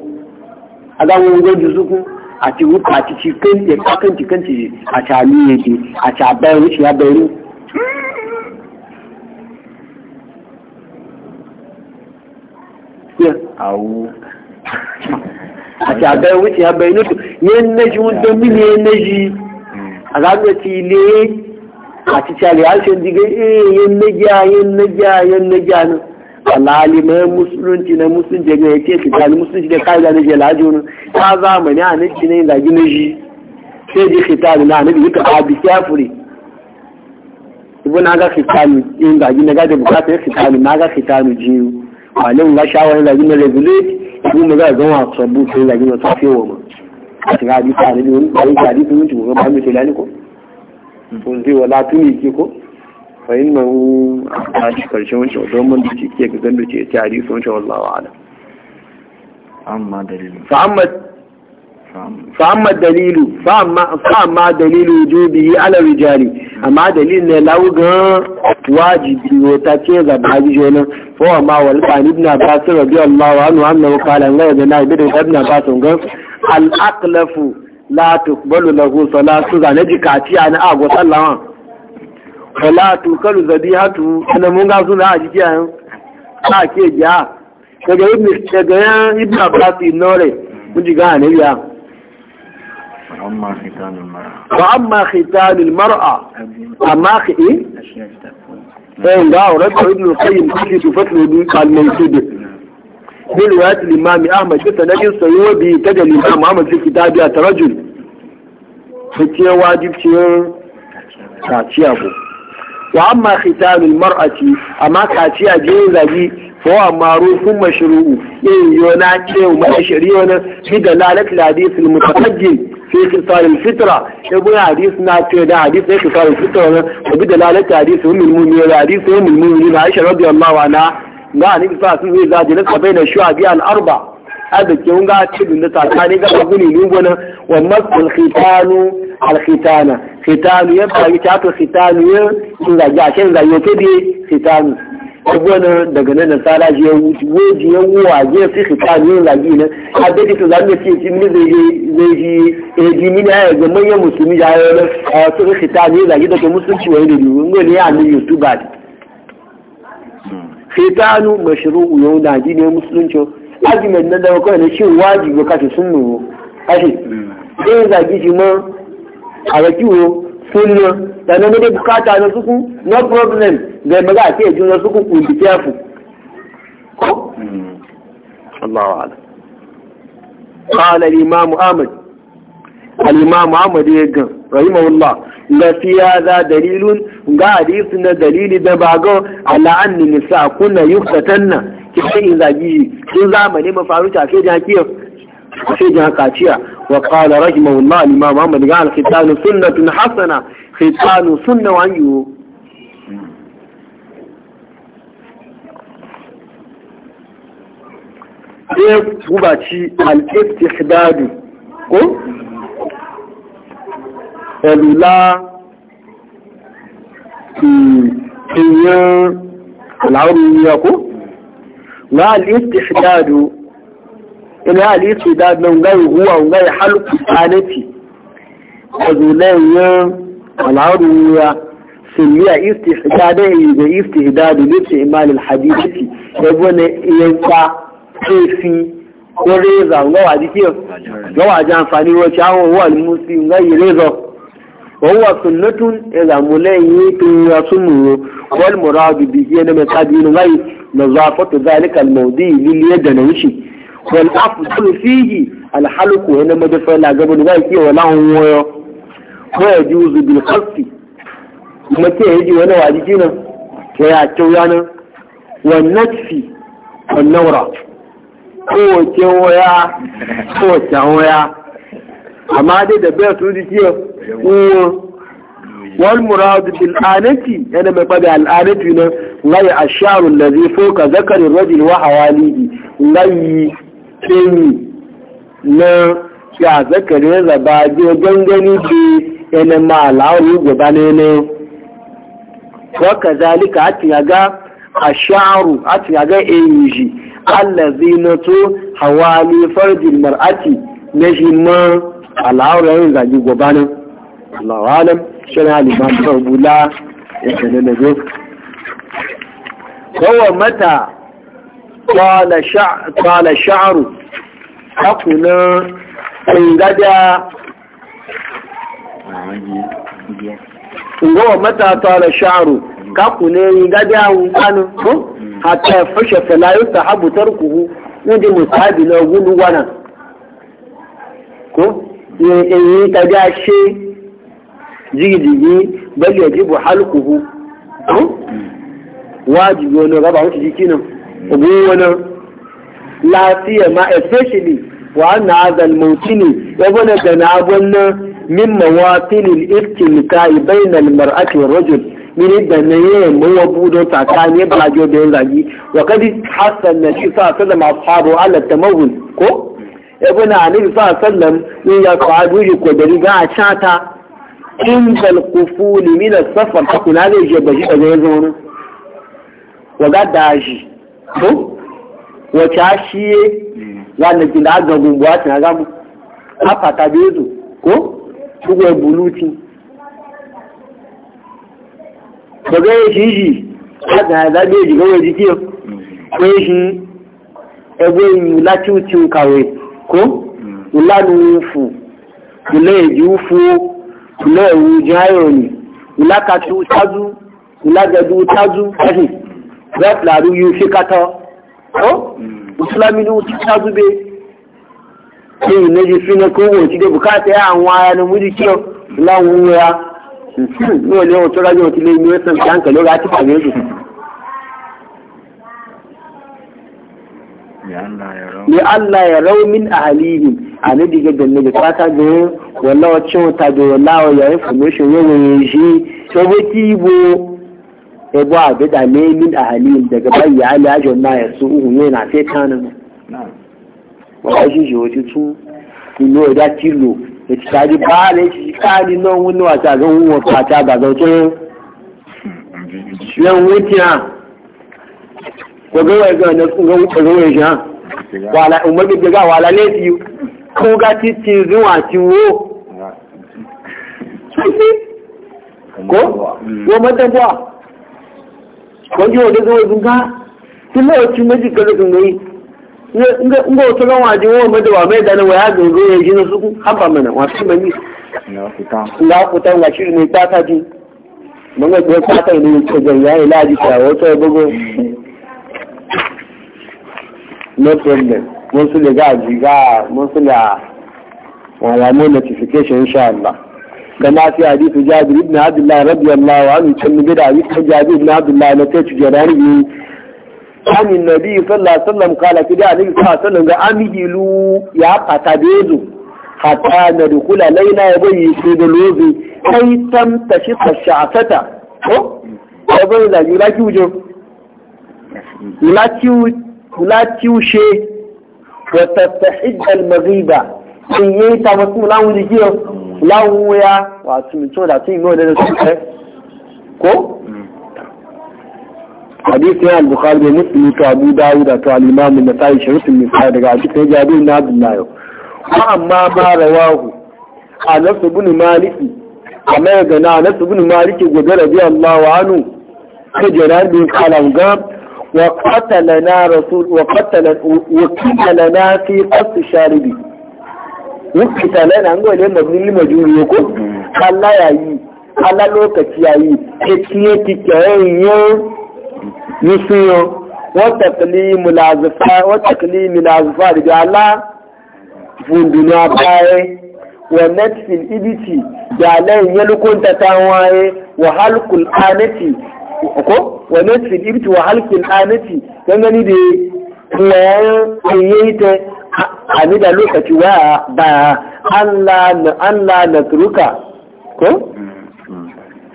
a gawon gwaji suku a ci wuta a ci cikin ya kakan cikin ci a cami yake a cabayin wuce ya bayan awu a cabayin wuce ya bayan yin naji wunda mini yin naji a zaɓe ci ile àti chale a ṣe diga eyan eh, nagiya yan nagiya yan nagiya nan alhali mai musulunci na musulunci ga ya ce su tali musulunci da kai da na jela jonu ta zamani a na ne da gina shi sai ji fitali na nabi yi ka bi kyafuri ibu na ga fitali yin da gina gada bukata ya fitali na ga fitali jiyu malin ga shawarar da gina regulate ibu mu ga zama sabu sai da gina tafiya wa ma a shiga hadisi a nabi wani ɗari ɗari sun mutu ga ba mu tilani ko kun zai wala tuni ke ko fa in hu a shi karshen wancan don mun da ke ke gando ce ta su wancan wa ala amma dalilu fa dalilu fa amma dalilu wujubi ala rijali amma dalil ne lawu ga wajibi ne ta ce ga baji jona fa wa ma wal qani ibn abbas radiyallahu anhu annahu qala da yadna ibn abbas ga al aqlafu la tuqbalu lahu salatu zane jikati an agwa sallawa wala tuqalu zabihatu ana mun ga suna a jiki an a ke ja daga ibn daga ibn abbas nore mun ji ga ne ya wa amma khitan al من رواية الإمام أحمد كنت نجل سيوه بيتجى الإمام أحمد في كتابه الترجل فتيه واجب تيه تاتيه أبو وأما ختان المرأة أما كاتيه جيزة دي فهو معروف مشروع إيه يونا كيه وما يشريونا في دلالة الحديث المتقدم في خصال الفطرة يقول حديث ناتي ده حديث في خصال الفطرة دلالة حديث هم المؤمنين حديث هم المؤمنين عائشة رضي الله عنها ga anabi sa sun zai zaje na sabai na shuwa biya al'arba arziki hun ga cikin da tsakani ga guni ne gona wa masul khitanu al khitana khitanu ya fari ta to khitanu ya in zage a shan zage ta bi khitanu gona daga nan da sala je wuji ya wuwa je fi khitanu ya lagi nan a da ta zage ce cin ne zai zai ji eh ji ni ya ga manyan musulmi ya yi su khitanu ya lagi da musulunci wani da ne ne ya annabi youtube ba fitanu mashiru yau na ji ne musulunci argument na dawa kawai na shi waji ga kashe sun nuno kashe ɗaya mm. zagi shi ma a raki rakiwo sunna da na dai bukata na suku no problem ga maza a kai juna suku ku be careful ko mm. Allahu a'lam قال الإمام أحمد الإمام أحمد يقول رحمه الله لا في هذا دليل ga hadisi na dalili da bago ala anni nisa kunna yuftatanna kisan ki sun zamani faru ta sai jaki sai jan kaciya wa qala rahimahullah imam Muhammad ga al khitan sunnatun hasana khitan sunna wa yu sai gubaci al-istihdadu ko Elula kinyin al'aurin ya ko na al'istihdadu ina al'istihdadu nan gai huwa gai halku tsanati a zulayen al'aurin ya summiya istihdadu da istihdadu lifin imanin hadisi ya gwane yanka kefi ko reza gawa jikin gawa ji amfani wacce وهو سنة إذا ملئي تياسمه والمراد به أنا متابين غير نظافة ذلك الموضي لليد نوشي والأفضل فيه الحلق هنا مدفع لعجب غير ولا هو ويجوز بالخلق kuma ke yaji wani waji kina ya ya kyau yanar wannan fi wannan wura kowace waya kowace wal muradu bil anati yana mai kwabi al'adatu na ngai asharu allazi fawqa zakari rajul wa hawalihi ngai tini na ya zakari ya zaba je gangani bi yana ma alawu gaba ne ne wa kazalika atin ga asharu allazi na to hawali farjil mar'ati na shi ma alawu zagi gaba Allah wa alam shirin halibar farbula ya kane na zo kowa mata kwala sha'aru hakunan ingada kowa mata kwala sha'aru kakunan ingada wukanu ko hata fashe falayu ta habutar na gulu wana ko ne ɗanyi ta ga shi jigijigi bal yajibu halquhu wajibi wani raba wuce jiki nan ubu wani lafiya ma especially wa anna hadha mawtini ya bana da na gwanna min mawatin al kai, bayna al-mar'ati wal-rajul min da na yi mawa budo tsakani bajo da yin zagi wa kad hasan na shi sa sallam ashabu ala tamawun ko a ali sa sallam ya ka duji ko da riga a chata inda al-qufuli min as-safar ta kuna zai je baji daga yanzu wani waga daji ko wace ashiye za na gina aga gunguwa ta na gamu a fata bezu ko bugu buluti baga ya shi shi a ga zabe e mm. ji gawa jikiyo ko shi ẹgbẹ́ ìyìn láti ó ti ń kàwé kó ìlànà òun fò ìlọ ẹ̀wù jáyọ̀ ni ìlàkàtú tájú ìlàjẹ̀dú tájú ẹ̀hìn bẹ́ẹ̀ làrú yóò ṣe kátọ́ ó mùsùlùmí ni ó ti tájú bẹ́ẹ̀ ṣe ìmẹ́jì fínà kó wò ti dé bùkátà àwọn ara ni mú kí ọ láwọn ń ra hmm, hmm, ní ọ̀lẹ́wọ̀n tó rájọ́ ti lé ní ẹ̀sán ìjáǹkẹ̀ lórí àtìpàgẹ́gùn ni Allah ya rau min ahalihim a na diga da ne ta ta ga wala wacce wata ga wala wa ya yi formation ya wani shi to ba ki bo e bo a da ne min ahalihim daga bai ya ala ajo na ya su uhu ne na sai ta nan wa shi shi wata tu ilo e da tilo ya e ci ta ba ne shi ka ni nan wani wata ga wani wata ga ga to yan wuce ko ga ga na kun ga ko wai ja wala umma bi ga wala ne ti ko ga ti ti zuwa ti wo ko wo mata ba ko ji wo ga wai ga ti lo ti me ji ga ga yi nga nga o tolo wa ji wo mata ba mai da ne wa ga ga wai ji na su ku haba mana wa ti mani nga ku nga shi ne ta ta ji mun ga ko ta ne ko ga yayi laji ta wo to bugo no problem wọ́n tún lè ga àjígá wọ́n tún wa àwọn àmọ́ notification da na fi hadithu jabir ibn abdullah radiyallahu anhu can da hadithu jabir ibn abdullah na kai tujara ni عن النبي صلى alaihi wasallam ga قال ya النبي dezu hatta na dukula laila ya فتبيزوا shi da lozi kai tam أي تم ko Ko bai da يلاكي wujo يلاكي وجو kula tiushe wa tattahid al-maghiba in yi ta wasu lawun jikiyo lawun wuya wasu mutum da sun yi mawa da su kai ko hadisi yana bukhari da muslim to abu dawuda to al-imam an-nasa'i sharh an-nisa daga hadisi jabir na abdullahi wa amma ma rawahu anas ibn malik kamar ga na anas ibn malik gobe radiyallahu anhu kajarar bin kalam وقتلنا رسول وقتل وكيل لنا في قص الشاربي وكيل لنا نقول لهم مبني لمجهول يكون قال لا يعي قال لا لوكتي يعي اتيه تكيه يسيو وتقليم العزفاء وتقليم العزفاء رجالا لا فندنا باي ونفس الإبتي قال لا يلكون تتاوي وحلق الآنتي ko wa nasfi ibti wa halkin anati dan gani da ya yi ta ani da lokaci wa ba Allah na Allah na turuka ko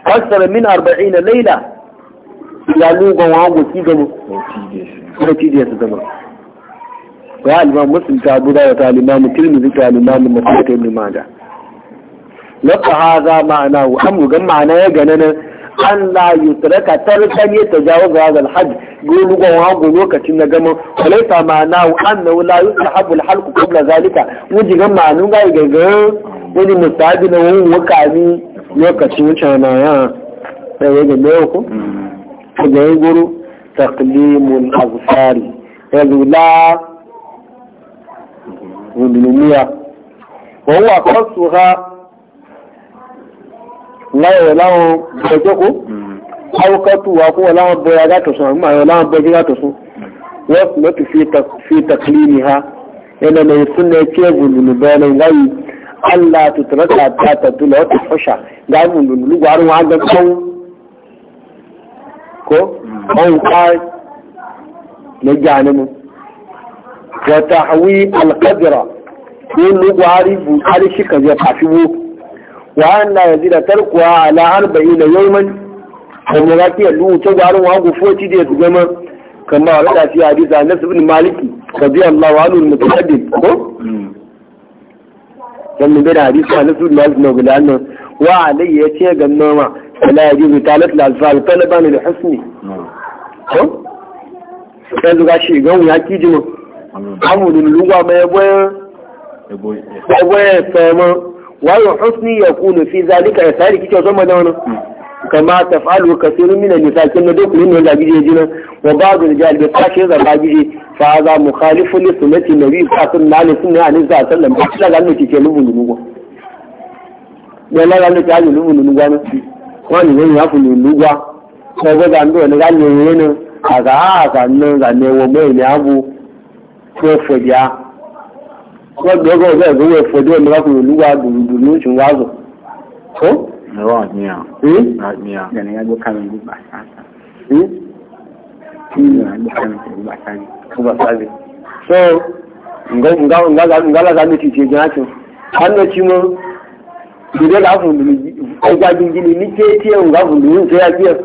aksara min 40 laila ya lugon wa goki gano ko tijiya su zama wa al-imam muslim ta buda wa ta al-imam tirmidhi ta al-imam muslim ta ibn majah lafa haza ma'ana wa amu gan ma'ana ya gane an la yutraka tarkan ya tajawaza hadha al-hajj gulu ga wa lokacin na gama walaysa ma'ana annahu la yusahabu al-halq qabla zalika wuji ga ma'anu ga gaga wani musabi na wani wakani lokacin wuce na ya sai ya ga ko ga guru taqlimul azfari yalula wulmiya wa huwa qasuha láyọ̀ láwọn ẹjọ́kó awokatu akówọ̀ láwọn bẹ agátọ̀sán àmì àwọn láwọn bẹ gígátọ̀sán wọ́n sì mọ́tò fi tàkìlì ní ha yana mai suna ce gululu bayanin gayi Allah ta tarata ta tattula wata fasha ga gululu gwarin wa ga kan ko an kai na gani mu wata hawi alkadira ko lugwari bukari shi ka je kafi وأن لا يزيد تركها على أربعين يوما ومراكي اللو تجعل وعقو فوتي دي تجمع كما ورد في حديث عن نفس بن مالك رضي الله عنه المتحدث كان بين حديث عن نفس بن مالك نقول عنه وعلي يتيغ النوم فلا يجوز تالت الألفال طلبا لحسني sai zuga shi gan ya kiji mu amurin luwa mai boye boye sai mu wayo husni ya kunu fi zalika ya tsari kike zama da wani kama tafalu kasirun min al-nisa kin da kullu ne da gije jinan wa ba'd al-rijal bi tashi da ba gije fa za mukhalifu li sunnati nabi sallallahu alaihi wasallam ani ọgbẹ́ ọgbẹ́ ọgbẹ́ ìgbówó ẹ̀fọ́ ẹjọ́ ìlú wákùn ìlú wa ní oṣù wázọ̀ tó. ẹ̀rọ ni à ní à. ìyànà ìyàgbọ́ kárẹ̀ ìlú gbà sáàtà. ìyànà ìyàgbọ́ kárẹ̀ ìlú gbà sáàtà. gbà sáàtà. so ngalaga mi ti ti jẹ́ àti kánú tí mo ìdílé láfùn ẹja gbìngbìnì ní kéétí ẹ̀ ńgáfùn lórí ìfẹ́ àgbẹ̀ ẹ̀.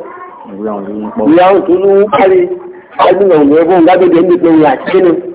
ìyàwó tó lówó kárí ẹgbẹ́ ìgbà òun ẹgbẹ́ òun gábẹ́dẹ́ ń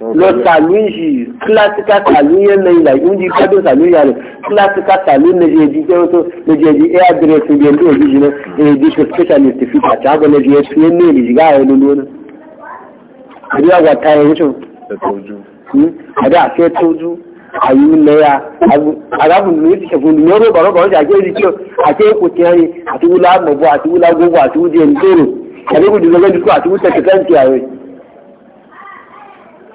lọ sàlùn yìí kílásíkà sàlùn yẹn lẹyìn láì ń di gbádùn sàlùn yà rẹ kílásíkà sàlùn lè jẹ ẹdí jẹun tó lè jẹ ẹdí air dress ní ẹdí òbí jìnnà ẹdí tó specialist fi pàtó àgbọn lè jẹ ẹtú yẹn méèlì yìí gáà ẹni lónà. àbí àgbà ta ẹ̀ ń sùn. àbí àfẹ́ tójú àyè ilẹ̀ agbábùn ní ti ṣẹ̀kùn ní ọ̀rọ̀ bàrọ̀bà ọjà àti èdè tí ó àti èkó ti hàn àti wúlà mọ̀bọ̀ àti wúlà gbogbo àti wúdí ẹni tó rò àti èkó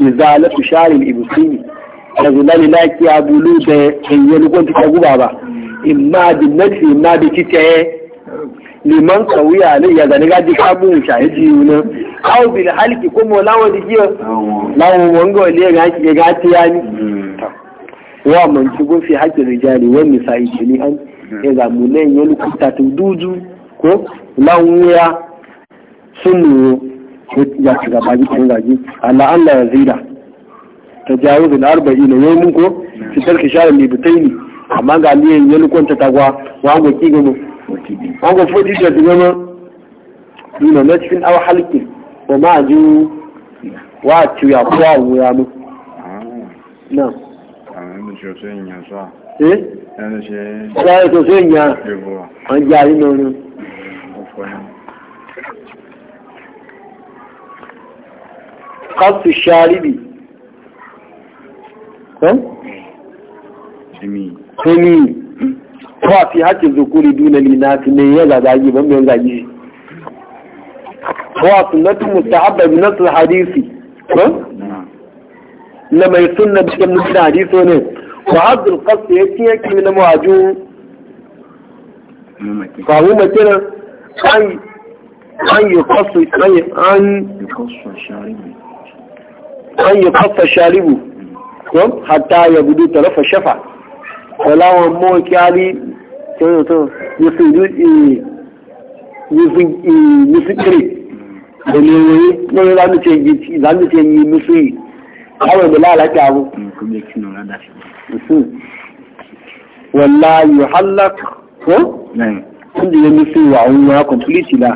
izalatu sharil ibsini da ni laki ya bulu da yanyi ko ta guba ba imma bi nafi imma bi kitaye liman sauya ne ya zane gaji kabun shahidi yuna aw bil halki kuma lawo dikiyo lawan wanga wale ga ki ga ni wa man ci go fi hakki rijali wa misai ni an ya zamu ne yalu kuta tu duju ko lawo ya sunu ko ya ci gaba ji kan gaji Allah Allah ya zira tajawuz al-arba'ina yawmin ko fi tarki shahr libtaini amma ga ni yin yalukon ta tagwa wa go ki go wa go fodi da dinama duna na cikin aw halqi wa ma ju wa ci ya kuwa wuya mu na eh ẹni ṣe ṣe tó ṣe yàn án jẹ́ àrínà orin قص الشاربي همي قافي هات الذكور دون الإناث من يلا داجي بم يلا داجي فواصلة مستحبة بنص الحديثي نعم. لما يسن بشكل نصر حديثي وعبد القص يتيه كمنا معجوم نعم. فهو مثلا أن أن يقص أن يقص الشاربي an yi kafa sharibu ko hatta ya gudu tarafa shafa walawan mo kyali to to yusudu e yusudu e yusukri da ne wani ne ne zamu ce yi zamu ce yi musu yi awa da lalata abu wallahi yuhallak ko kun da musu wa an ya complete la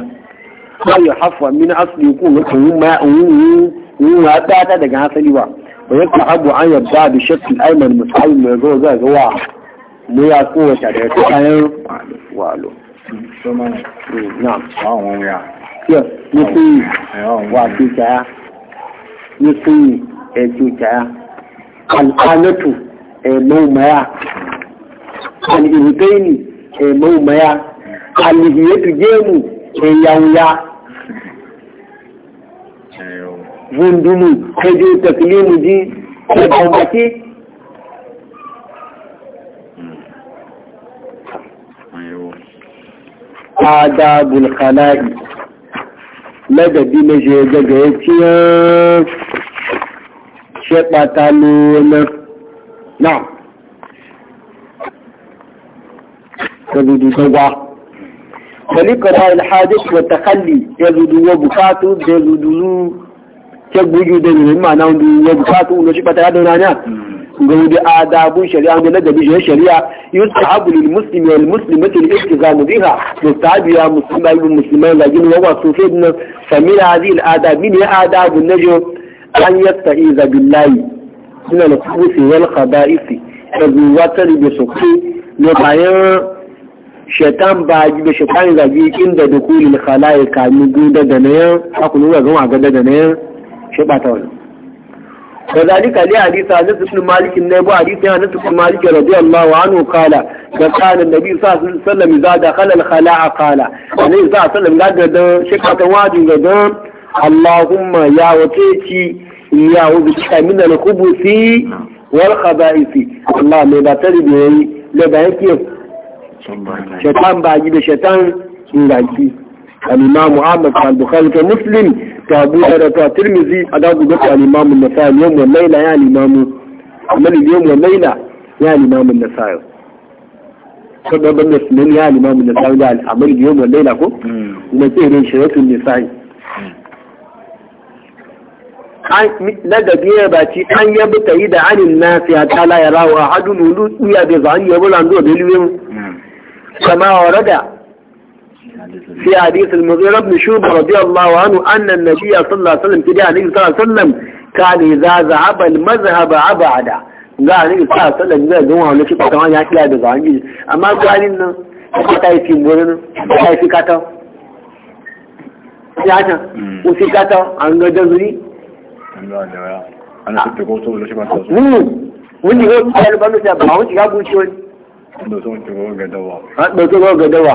ko ya hafa min asli ko ko ma an yin wata ta daga hasali ba wa ya abu an yadda da shakil aiman musayi mai zo zai ga wa mu ya kowace daga kayan walo nufi wa cuta nufi a cuta al'anatu a eh, maumaya al'iritaini a eh, maumaya al'ihiyatu gemu a eh, yawuya zundulu kai je taklimu ji da bambaki adabul khala'i ladabi na je daga ya ciye shekwata nuna na sabudu gagwa ولقضاء الحاجة والتخلي يزود وبكاته يزود ke da ne ma na wani ya bukatu ne shi bata da nanya ga wani adabun shari'a da ladabi shi shari'a yusahabu lil muslimi wal muslimati al iltizam biha mutabiya muslima wal musliman la jin wa sufidna samira hadhihi adabi ne adabu najo an yasta'iza billahi suna da kubusi wal khaba'isi da zuwatar da suke ne bayan shaitan ba da shaitan zagi inda dukulil khalaika mi guda da ne akunu ga zama ga da ne shi ba ta wani ko zali ka li hadisa da su sunan maliki ne ba hadisa ya nutu kuma maliki radiyallahu kala da kana nabi sallallahu alaihi wasallam halal dakhala a kala qala ne idza sallam da ga shi ka ta waji da allahumma ya wace ci ya wal allah da da ba yake ba gida الإمام أحمد عن بخاري كمسلم كأبو هريرة الترمذي أداب بكر الإمام النسائي اليوم والليلة يا الإمام عمل اليوم والليلة يا الإمام النسائي سبب النسلم يا الإمام النسائي لا عمل اليوم والليلة كو ومسير شرط النسائي daga biya ba ci an yabi ta yi da anin nasi a tala ya rawa hadu nulu iya da zan yabi rando da liwe mu kama wa rada في حديث المغيرة بن شوبة رضي الله عنه أن النبي صلى الله عليه وسلم كده النبي صلى الله عليه وسلم كان إذا ذهب المذهب أبعد قال النبي صلى الله عليه وسلم لا دوها نشوف كمان يحكي لها بزعجي أما قال إنه كتاي في مولنا كتاي في كاتا يعني وفي كاتا عن جزري أنا كنت قلت له شو بس wani yau ya lubanu ta ba كده، shiga gucewa. Ɗauke gawar gadawa.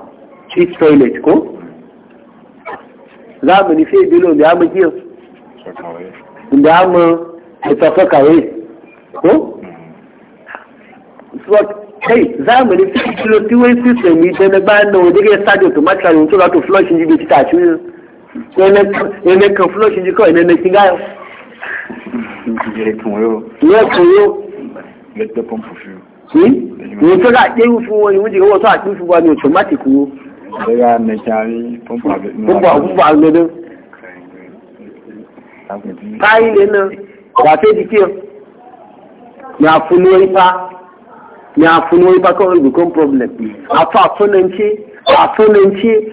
cheap toilet ko zamani sai bilo da ya magiya da mu tafafa kawai ko kai zamani sai bilo tiwai system yi ta na bayan nan wajen ya sadi automatic ne to za to flush ji bai ci tashi ne kan flush ji kawai ne na kinga yau ya koyo ya ta pompo fiyo ni to ga ɗewu fiyo wani wajen wasu a ɗin fiyo daga na kyari pumpa pumpa kayi ne nan ba sai jike ya funo ipa ya funo ipa kawai problem a fa funance a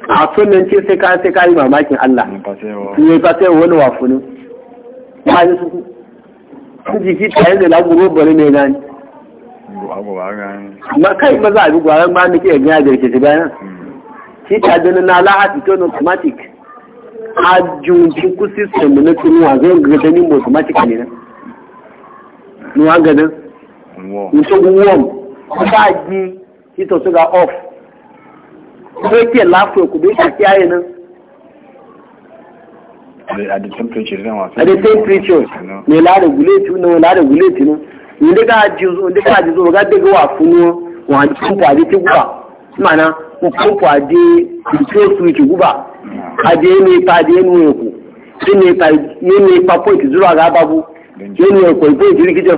a sai ka sai mamakin Allah ne sai wani wa funo ba ni su ku jiki da laguro bari ne na ma kai a bi gwaran ma nake ya jirke bayan títà dẹnu náà aláhàtì tó ní automatic ajùnkú system ní tí wọ́n zai gẹ̀ẹ́dẹ́ ní automatic ní ní wọ́n gẹ̀ẹ́dẹ́ ní tó gún wọ́n ọba jí off tó kí láàfin òkú bí kàkí ayé náà at the temperature náà wọ́n sọ. at the temperature ní láàrẹ̀gúlétì náà láàrẹ̀gúlétì náà ní ndé ká jí zo ndé ká jí dégé wà fún wọn wọ́n á pàdé tí wọ́n mana ko kwa de ko su ki guba a de ne pa de ne ku ne pa ne ne pa ko ki zura ga babu ne ne ko ko ji ki jo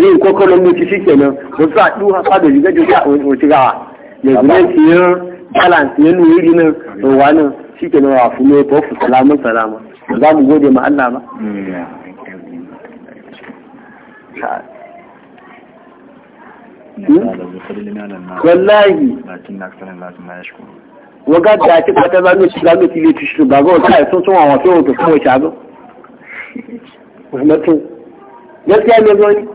ne ko ko mu ci shike nan ko sa du ha fa da ga ji ga o ci ga ne ne ki yo balance ne ne yi nan to wannan shike nan wa fu ne ko fu salamu salama za mu gode ma Allah ba wallahi wọ́gá tí a ti pàtẹ́ bá lóṣù lágbé ti lè tìṣù bàbá ọ̀tá ẹ̀ tuntun àwọn tí ó tó fún ìṣàgọ́ ọ̀mọ́tún lọ́sí ẹgbẹ́gbẹ́ ní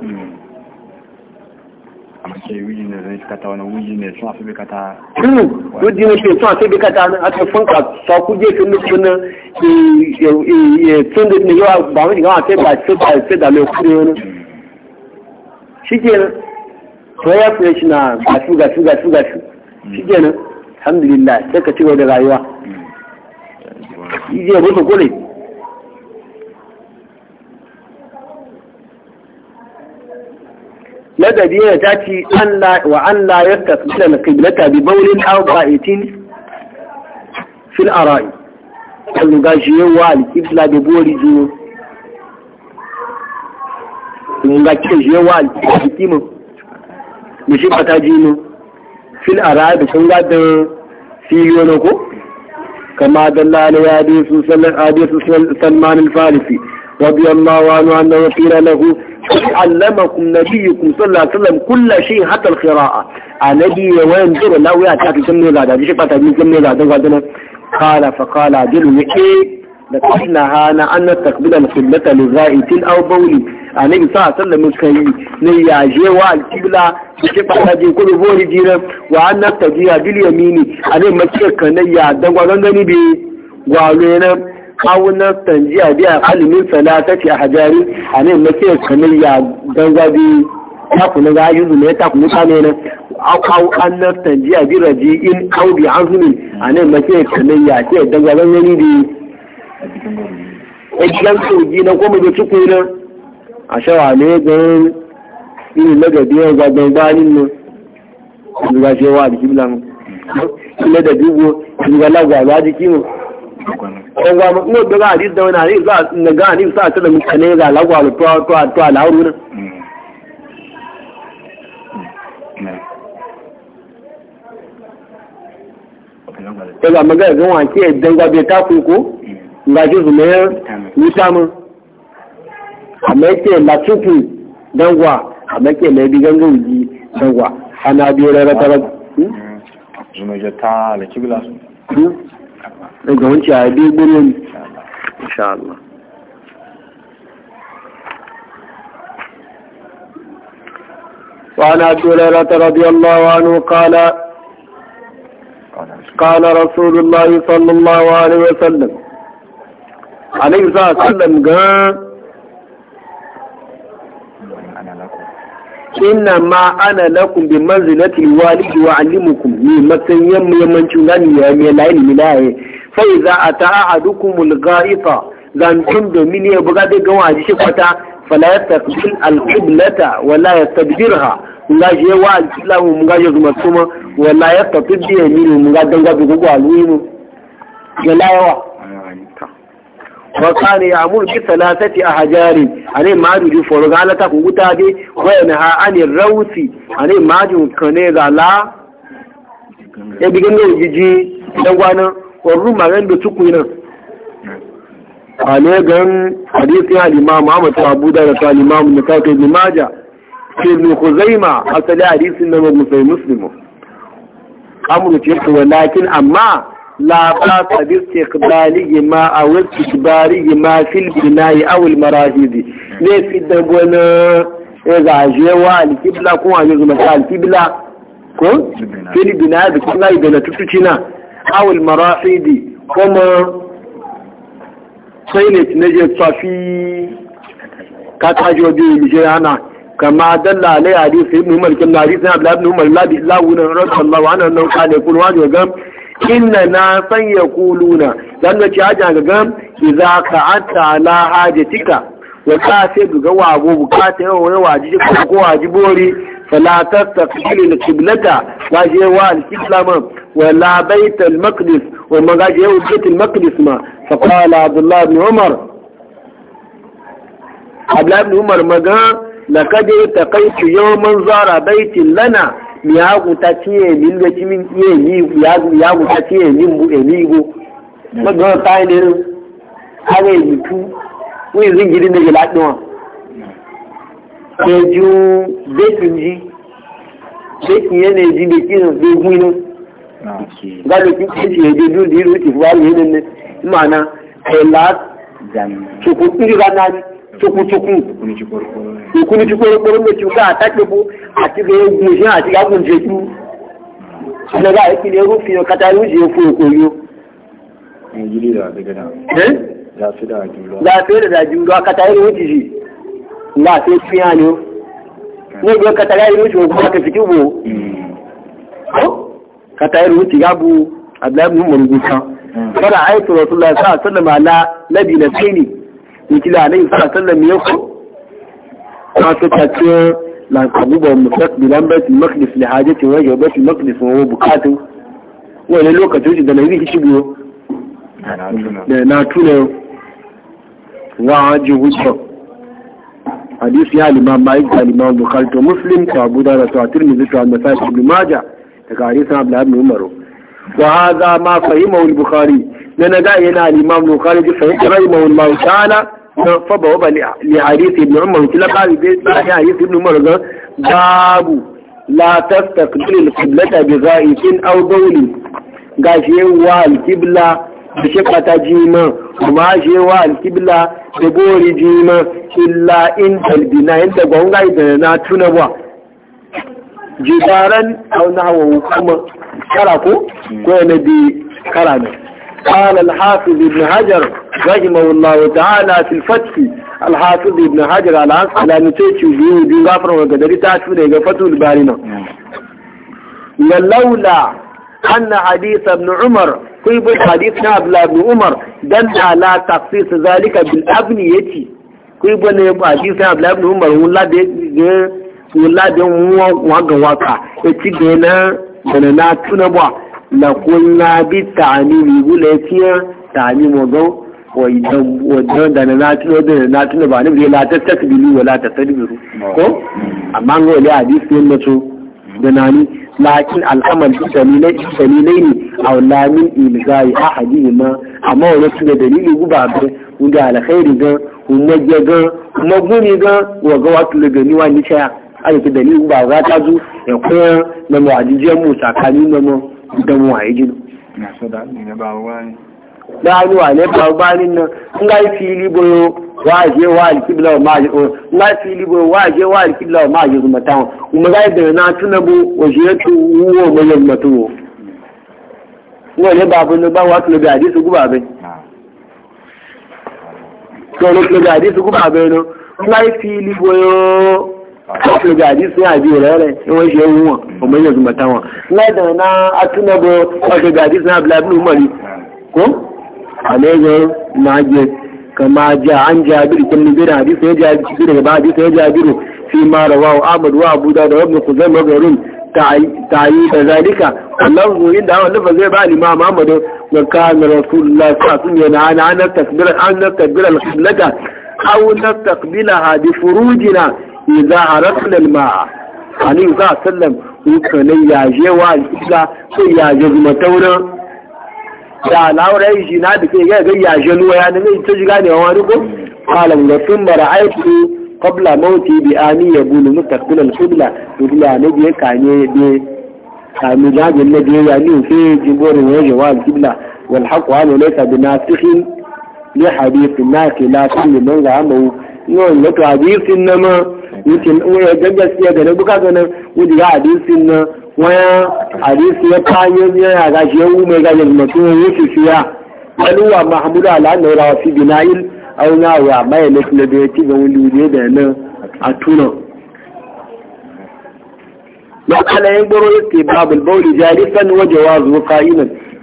àmàṣẹ ìwúyí ní ẹ̀rẹ́ ìkàtà ọ̀nà wúyí ní ẹ̀tún àfẹ́bẹ́ kàtà rú ló dín ní ṣètún àfẹ́bẹ́ kàtà àti fún sọkújé tó ní ṣúná ìyẹ̀tún ní yóò gbàmọ́ ìgbàmọ́ àfẹ́bà ṣẹ́dà lẹ́kúrẹ́ ọ̀nà ṣíkẹ́ to ya kuwa shi na gashi gashi gashi gashi shi nan alhamdulillah sai ka cewa da rayuwa shi je musu kule ladabi ya ta ci wa an la ya tasbila na kiblata bi baulin aw ba'itin fil ara'i kan gashi yawa al-kibla da bori jino kun ga kishi yawa al-kimin mishi bata في الأراضي arabi sun gadin filiyo na ko كما دل عليه حديث سلمان الفارسي رضي الله عنه أنه قيل له علمكم نبيكم صلى الله عليه وسلم كل شيء حتى القراءة النبي وين وينظر لا ويأتي كم نزادة شيء فتا من كم نزادة قال فقال عدل إيه لكن أن تقبل الخدمة لغائت أو بولي annabi sa sallam suka yi ne yaje wa alqibla suke fata je ko bo bori jira wa anna tajiya bil yamini annabi mace kana ya gwanon gani bi gwalo ne kawunan tanjiya biya alimin ce a hajari a ne mace kamar ya ganga bi na ga yi zume takuna kane nan akaw annar tanjiya bi raji in kawo bi an zumi a ne mace kamar ya ce danga gangani bi gidan kogi na goma da cikuna àṣẹwà ní gan-an nínú lẹ́gẹ̀dẹ́ yẹn gbàgbọ́n gbá nínú ìgbà ṣe wà àdìsí bí lánà lẹ́gẹ̀dẹ́ wo ìgbà lágbà àbájí kí wọn. ọgbà mọ́ gbẹ́gbà àdìsí dánwó náà àdìsí nàgá àdìsí sáà tẹ́lẹ̀ mú kàní ìgbà lágbà tó àláwọ̀ náà. ẹgbà mọ́gà ẹ̀gbọ́n wọn àti ẹ̀dẹ́gbàgbẹ́ káfíńkó ìgbà tó sì mẹ́rin ní sáà mọ́ amma yake latufu dangwa amma yake mai bi gangan wuji dangwa hana biyu rara tara hmm? zumaje ta da kibla su hmm? daga wanci a biyu gurin insha Allah وعن أبي هريرة رضي الله عنه قال قال رسول الله صلى الله عليه وسلم عليه الصلاة والسلام قال inna ma ana lakum bi manzilati walidi wa alimukum ni matsayin muhimmancin gani ya mai layi ni laye fa iza ata ahadukumul ghaifa zan tun da ya buga daga waje ji kwata fala yastaqbil alqiblata wala yastadbirha nga je wa mu mun ga yuzuma kuma wala yastatib bi yaminu mun ga danga bi alwimu ya layawa وقال وكان يعمر بثلاثة أحجار أنا ما أدري فرغالة كوتا دي وينها عن الروس أنا ما أدري كنيزا لا يبقى يجي دوانا والروم أغنب تكوينا أنا قم حديث الإمام محمد أبو دارة الإمام نساك ابن ماجة في ابن خزيمة أصلا حديث إنما مسلم مسلم أمر ولكن أما labata biske kibali ma a wasu kibali ma fil bina yi awul marahidi ne fi da gwani ezaje wa alkibla ko a yanzu masu alkibla ko fil bina yi kuma na yi da na tutuci na awul marahidi kuma sai ne ci neje tsafi katajo biyu mishe yana kama dalla alai hadisi ibn umar kin hadisi abdullahi ibn umar la bi lawuna radallahu anhu annahu kana yaqulu wa jagam inna na san ya kulu na dan da caja ga gam idza ka'ata la hajatika wa ka sai duga wago bukata yau wai waji ko ko waji bori fala tastaqbil al-qiblata wa je wa al-qibla ma wa la bait al-maqdis wa ma ga je wa bait al-maqdis ma fa qala abdullah ibn umar abdullah ibn umar maga laqad taqaytu yawman zara baytin lana Mi yagou e ta tiye enjil we chi min kiye enjil yagou, yagou ta tiye enjil mbu enjil go. Mwen gwa sa enjil, anje enjil pou, mwen rinjil enjil at nou an. Kènjou zè chunji, zè kiye enjil etkin an, zè kou enjil. Gwa lò ki kènjil enjil dè rote fwa enjil enjil, mwana kènjil at, chokot njil gwa nanjil. tukutuku tuku ni tukorokoro méjì ká àtàkpébo àti gbẹ̀gbùn sí àti gbàgbùn jẹ́jú ọlọ́gbà ìpínlẹ̀ ẹrú fi hàn kátà lóṣì fún òkò yó. láàfin ìdájú lọ kátà lóṣì ó ti sì láàfin fi hàn ni ó ní ìgbẹ́ kátà lóṣì òkú wá kẹfì tí wò ó kátà lóṣì gábù àbúlá mọ̀rùn-ún kan. Fọ́nà àìsàn ọ̀tún lọ sáà sọ́nà màá lá lẹ́bi nà kéènì ìkílẹ̀ àlẹ́yìn sára tẹ́lẹ̀ mi yẹ́kọ́ wato kaciyar lankabuban musakbi lambar maklif da hajjacin wajen gabashi maklif wa bukatu wani lokacin shi da na yi shi biyo da na tuna wa hajji hujjo hadisi ya liman ma'ik da liman bukari to muslim ta abu da rasu a turmizi to amma sai ibn maja daga hadisan abu abin umaru wa haza ma fahimahu al-bukhari na naga yana al-imam bukhari ji fahimta rahimahu allah ta'ala faba wa li hadisi ibn umar ki la bari dai sai hadisi ibn umar ga babu la tastaqbil qiblata bi za'itin aw dawli gashi wa al-qibla da shekata jima kuma shi wa al-qibla da gori jima illa in talbina قال الحافظ ابن حجر رحمه الله تعالى في الفتح الحافظ ابن حجر على على نتيجه بيو غفر وقدر تعرف ده فتو البارينا لولا أن حديث ابن عمر كيف حديث عبد ابن عمر دل على تخصيص ذلك بالأبنية كيف حديث عبد ابن عمر ولا ده ولا ده وغواكا اتجينا da na tuna ba lakunna bi taani gule tiya ta'mimu go wa idan wadan da na tuno da na tuno ba ne la ta takbilu wala ta tadbiru ko amma ngo le hadisi ne to da nani lakin al'amal bi dalilai dalilai ne aw la min ilgai ahadihima amma wala tuno dalili guba ba wanda alkhairi ga kuma ga kuma guni ga wa ga watu le gani wa ni chaya ayi dalili guba ga ta zu ya ko na mu ajiye mu tsakanin mu don waye jino dani wa ne ba nan ngai fili boyo waje wa alkibla ma je ngai fili boyo waje wa alkibla ma je zuma ta mu ga da na tunabu waje tu wo mu yan matu wo ne ba bu ne ba wa tunabu hadisi guba be to ne tunabu hadisi guba be no ngai fili boyo kafin gaji sun abi rere in wani shehu wọn ọmọ yau zumata wọn lada na atunabo kafin gaji sun abi labin umari ko a lagos na je kama ja an jabiru kan libira hadisa ya jabiru daga ba hadisa ya jabiru fi ma rawahu ahmad wa abu da da wabin kuzai magarun tayi da zalika Allah mu inda hawa lafa zai ba limam Ahmad wa kana Rasulullah sallallahu alaihi wasallam إذا عرفنا الماء عليه الصلاة والسلام وكان ياجي واجبلا في ياجي المتورة يا لاور أي جناد كي يجي ياجي لو يعني ما يتجعني أوانكم قال من ثم رأيته قبل موتي بآني يقول متقبل القبلة يقول أنا دي كاني دي كاملا جل دي يعني في جبور ويجي واجبلا والحق أنه ليس بناسخ لحديث ناكي لكن من غامه يقول لك حديث إنما wucin waya ga gaskiya da na buka nan wuji ga hadisin nan waya hadisi ya fanyo ne ya ga shi yau mai gajin mutum wuce shi ya aluwa mahmudu ala na rawa fi bina'il au na wa mai ne kuma da yake ga wuli da nan a tuna ya kala yin goro yake babul bauli jalisan wa jawazu qa'iman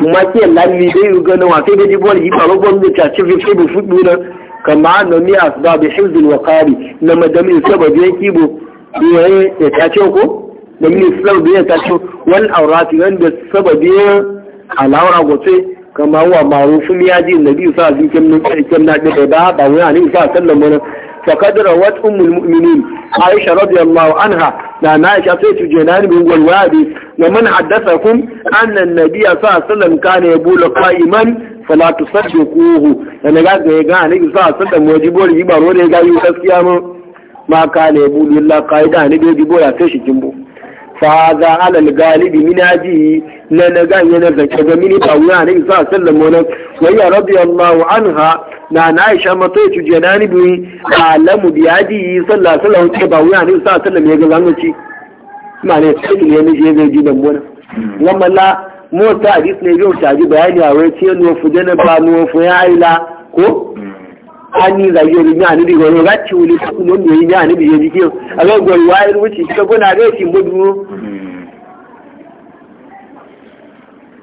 maki lalli dai ugana wa kai gaji bol yi balo bol da ta ci fi bu fudu na kama na mi asbab hizbul waqari na madamin sababi yake bo yayi ya ta ko da min sababi ya ta ce wal e, awrati wanda sababi alawra gote kama wa marufun yaji nabi sa zikin mun kirkin na da e ba ba wani ne sa sallan mun fa wat ummul aisha radiyallahu anha na aisha sai tu jenani bin gwalwadi wa man haddathakum anna an-nabiyya sallallahu alaihi wasallam kana yabulu qa'iman fala tusaddiquhu dan ga ga ga ne sallallahu alaihi wasallam wajibori yi baro da ga yi gaskiya mu ma kana yabulu illa qa'ida ne da yabulu ya sai shi jimbo faza alal galibi mina ji na na ganye na zance ga ba wuya ne isa sallan wani wayya radiyallahu anha na na aisha mata yace jenani bi alamu biyadi sallallahu alaihi wasallam ba wuya ne isa sallan ya ga zanci mane ne ne mota hadis ne yau ta ji bayani a wai ce no fujana ko ani za yi ni ani di goro ga ti wuli ku no ni ni ani bi yi ki aga goro wa iru ti ka gona ga ti modu hmm.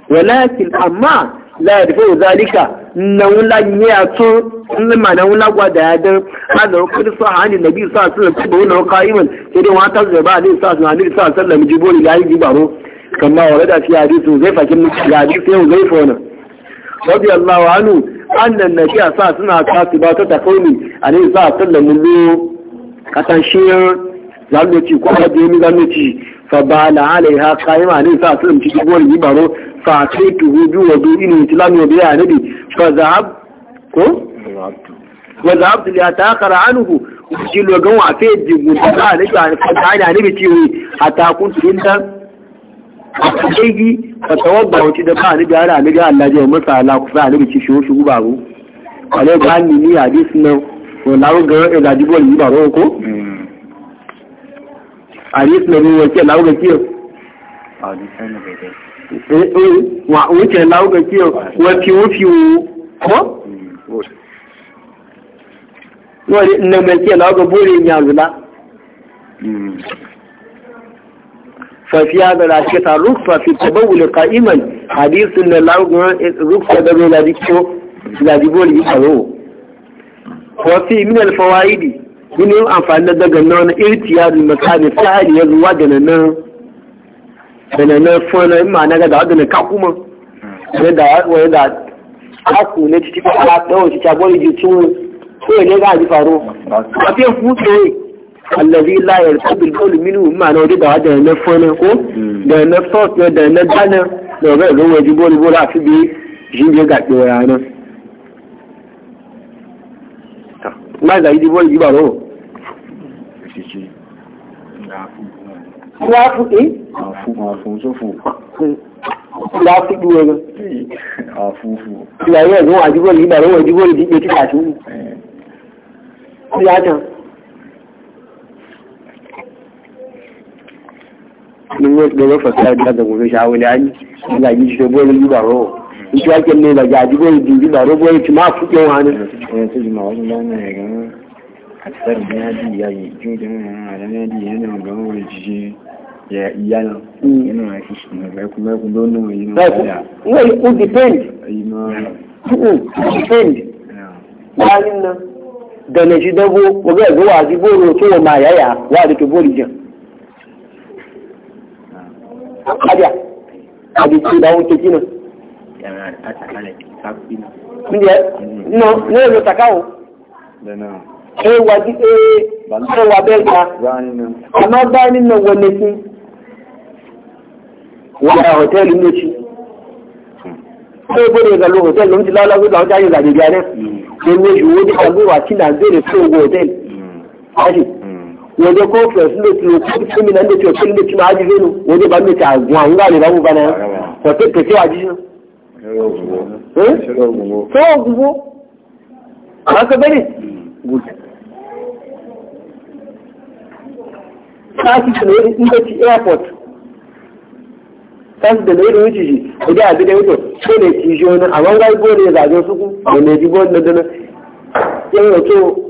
walakin amma la yadfu zalika nawla niyatu ma nawla gwada ya dan hada ku da sahani nabi sallallahu alaihi wasallam ko na qaiman sai dai wata zaba ne sallallahu alaihi wasallam jibori la yi baro kamma warada fi hadithu zai fakin ga hadithu zai fona radiyallahu anhu annan na shi a sa suna kasu ba ta tafauni a ne sa sallan mullo kasashiyar zanoci ko ala biyu mi fa ba la alaiha qaima ne sa sallan cikin gowar yi baro fa ce tuhu hudu wa bi ni tilan wa bi fa zahab ko wa zahabtu li atakhara anhu jilu gan wa fe jibu ta ne ga fa ta ne anabi ci a kun tinta Akwai kaɗaiki ka tawar ba da ba ni gara a niga Allah jai masa ala kusa a ci shi wasu gubaru a ne ba ni ni hadis nan wani larun gara ya zaji buwar yi na ne wace larun ga kiyo wuce larun ga kiyo wafi wafi na mai kiyo ga la ففي هذا العشيطة ركفة في التبول قائما حديث أن العرض ركفة دمي لا ديبول يحلوه وفي من الفوائد من أنفعنا دقنون ارتياد المكان السهل يزوى دننا دننا فونا إما أنا قد عدنا كاكوما ويدا أكو نتشتفى على الدول تتابعي جيتون ويدا عدي فاروق وفي فوتوه allazi la yartabil qawlu minhu ma na wadi da wadan na fona ko da na sort na da na dana da ga ga waji bol bol a fi bi jinje ga doya na ma da yi bol yi ba ro wa fu eh afu afu so fu la fu duwe ga afu fu la ye ga waji bol yi ba ro waji bol di ke ti ta tu ya ta mun yi da rafa sai da da gobe shawo ne an ina yi shi boye yi ba ro in ji ake ne da ga ji boye ji ji ba ro boye ti ma ku ke wani eh to ji ma wani na ne ga asar ne ya ji ya yi ju da mun na da ne ji yana ga wani ji ya iya na yana shi shi ne ga kuma ku don ne yi ma ya wai ku depend yi ma hmm, depend ya yin nan da ne shi dago ko ga ga wa ji boro to ma yaya aja abi ci da wuce kina ndiye no no yo takao dana e wa di e e wa be ta ama ba ni no wone ki wa hotel ni ci e bo de ga lo hotel lo ti la la ko da ja yo la de ja ne ke ni wo di ka bo wa ti na de le so go hotel aji wajen ko fesle tilo ko kimi minan da ke kun da kima aji zeno waje ba mace a zuwa ga ne mu bana ko ta ta ce aji ne so gugu haka bane gugu kasi tilo in da ci airport da wuce shi a gidan to ko da ki shi wani amma su da ne na dana yin to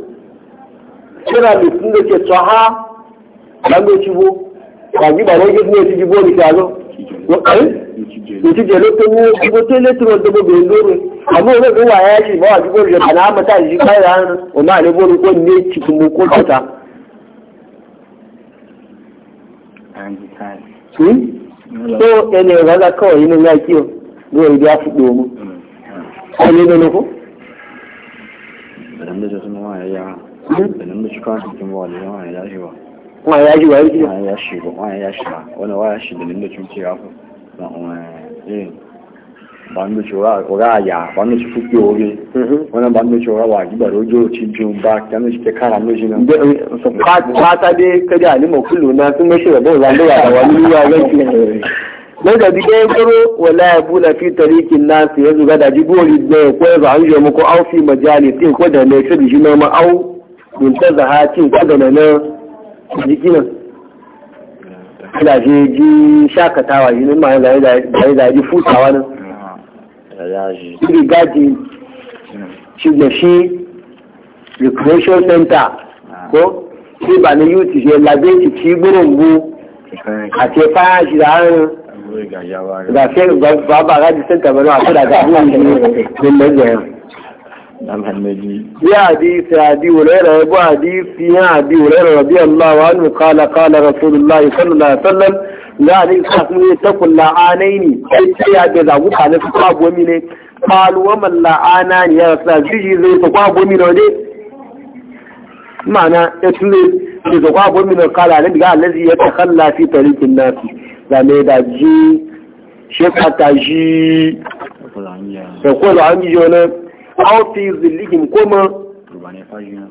kira mutum da ke tsaha ɗan da ci bo ba ji ba na gizo ne ci ji bo da kyalo ne ci jelo ta wo ko te le tro da bo be amma ne ga ya ji ba wa ji da na mata ta kai da hanu o ma ne ko ne ci mu ko ta hmm? so ene wala kawai ne ya kiyo hmm. ne ya fi domin ko ne sannan da cikin cikin wali na wani yashi ba wani yashi ba yake wani yashi ba wani yashi ba wani wani yashi da nan da cikin kira ku na wani ban da cewa ora ya ban da ci fuke ore wani ban da cewa wa gibar rojo ci biyun ba kyan da cike kara mai shi nan fata dai kaji alima kullu na sun mashi rabon zandewa da wani yawa zai daga jikin fi tarikin nasu ya zuga da jigori da ya kwaya ba an yi fi majalisin ko da mai shi binta zaha cin kagana na jikinan ana je ji shakatawa yi nan ma'ana zai zai ji futawa nan iri gaji shi da shi recreation center ko shi ba na youth je labe ci ci gurungu a ce fara shi da hannun da sai ba ba ga ji center ba na a kuda ga hannun da ne don alhannabi bi yana abi hurairah ya bi hadisi ya abi hurairah radiyallahu anhu qala qala rasulullah sallallahu alaihi wasallam da alayhi salatu wa takul la'anaini ai sai ya ga zagu kana su ba gomi ne qalu wa man la'ana ya rasul ji zai su ba gomi ne wani ma'ana etule ji su ba gomi ne qala alladhi ga alladhi ya takalla fi tariqin nas da me da ji shi aw fi zillihim kuma dubane fajina